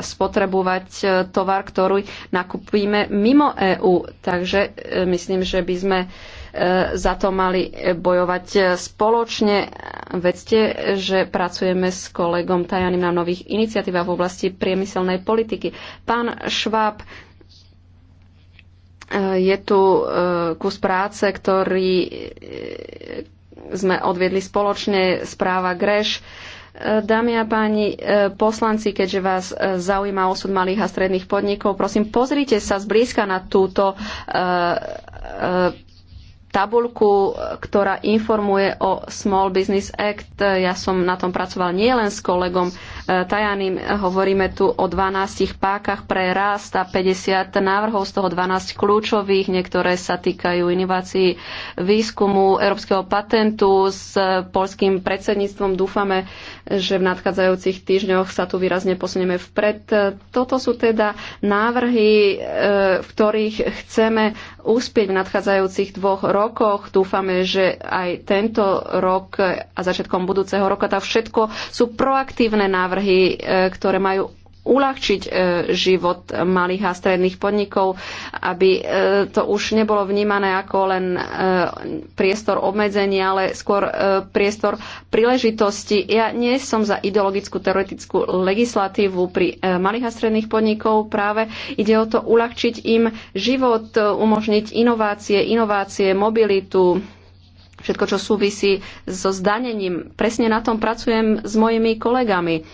spotrebovať e, tovar, ktorý nakupíme mimo EÚ. Takže myslím, že by sme za to mali bojovať spoločne. Vedzte, že pracujeme s kolegom Tajanim na nových iniciatívach v oblasti priemyselnej politiky. Pán Šváb, je tu kus práce, ktorý, sme odviedli spoločne správa Greš. E, Dámy a páni e, poslanci, keďže vás e, zaujíma osud malých a stredných podnikov, prosím, pozrite sa zblízka na túto tabulku, ktorá informuje o Small Business Act. Ja som na tom pracoval nielen s kolegom Tajaným. Hovoríme tu o 12 pákach pre rast a 50 návrhov, z toho 12 kľúčových. Niektoré sa týkajú inovácií výskumu európskeho patentu. S polským predsedníctvom dúfame, že v nadchádzajúcich týždňoch sa tu výrazne posunieme vpred. Toto sú teda návrhy, e, v ktorých chceme úspieť v nadchádzajúcich dvoch rokoch. Dúfame, že aj tento rok a začiatkom budúceho roka, tak všetko sú proaktívne návrhy návrhy, e, ktoré majú uľahčiť e, život malých a stredných podnikov, aby e, to už nebolo vnímané ako len priestor obmedzenia, ale skôr priestor príležitosti. Ja nie som za ideologickú teoretickú legislatívu pri malých a stredných podnikov. Práve ide o to uľahčiť im život, umožniť inovácie, inovácie, mobilitu, všetko, čo súvisí so zdanením. Presne na tom pracujem s mojimi kolegami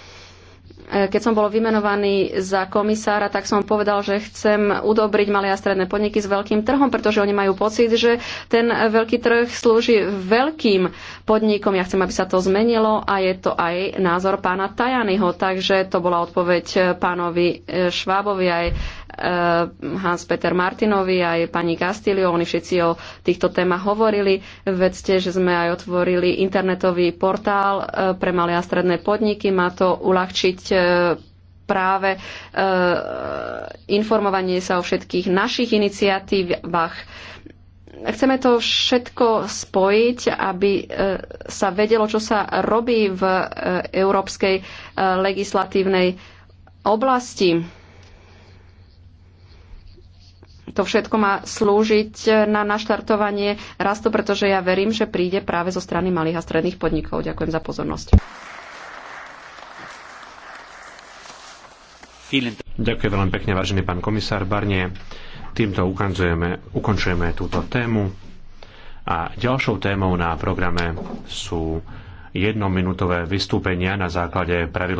E, keď som bol vymenovaný za komisára, tak som povedal, že chcem udobriť malé a stredné podniky s veľkým trhom, pretože oni majú pocit, že ten veľký trh slúži veľkým podnikom. Ja chcem, aby sa to zmenilo a je to aj názor pána Tajanyho. Takže to bola odpoveď pánovi e, Švábovi aj Eh, Hans-Peter Martinovi aj pani Castillo, oni všetci o týchto témach hovorili. Vedzte, že sme aj otvorili internetový portál eh, pre malé a stredné podniky. Má to uľahčiť eh, práve informovanie sa o všetkých našich iniciatívach. Chceme to všetko spojiť, aby sa vedelo, čo sa robí v európskej legislatívnej oblasti to všetko má slúžiť na naštartovanie rastu, pretože ja verím, že príde práve zo strany malých a stredných podnikov. Ďakujem za pozornosť. Ďakujem veľmi pekne, vážený pán komisár Barnie. Týmto ukončujeme túto tému. A ďalšou témou na programe sú jednominútové vystúpenia na základe pravidla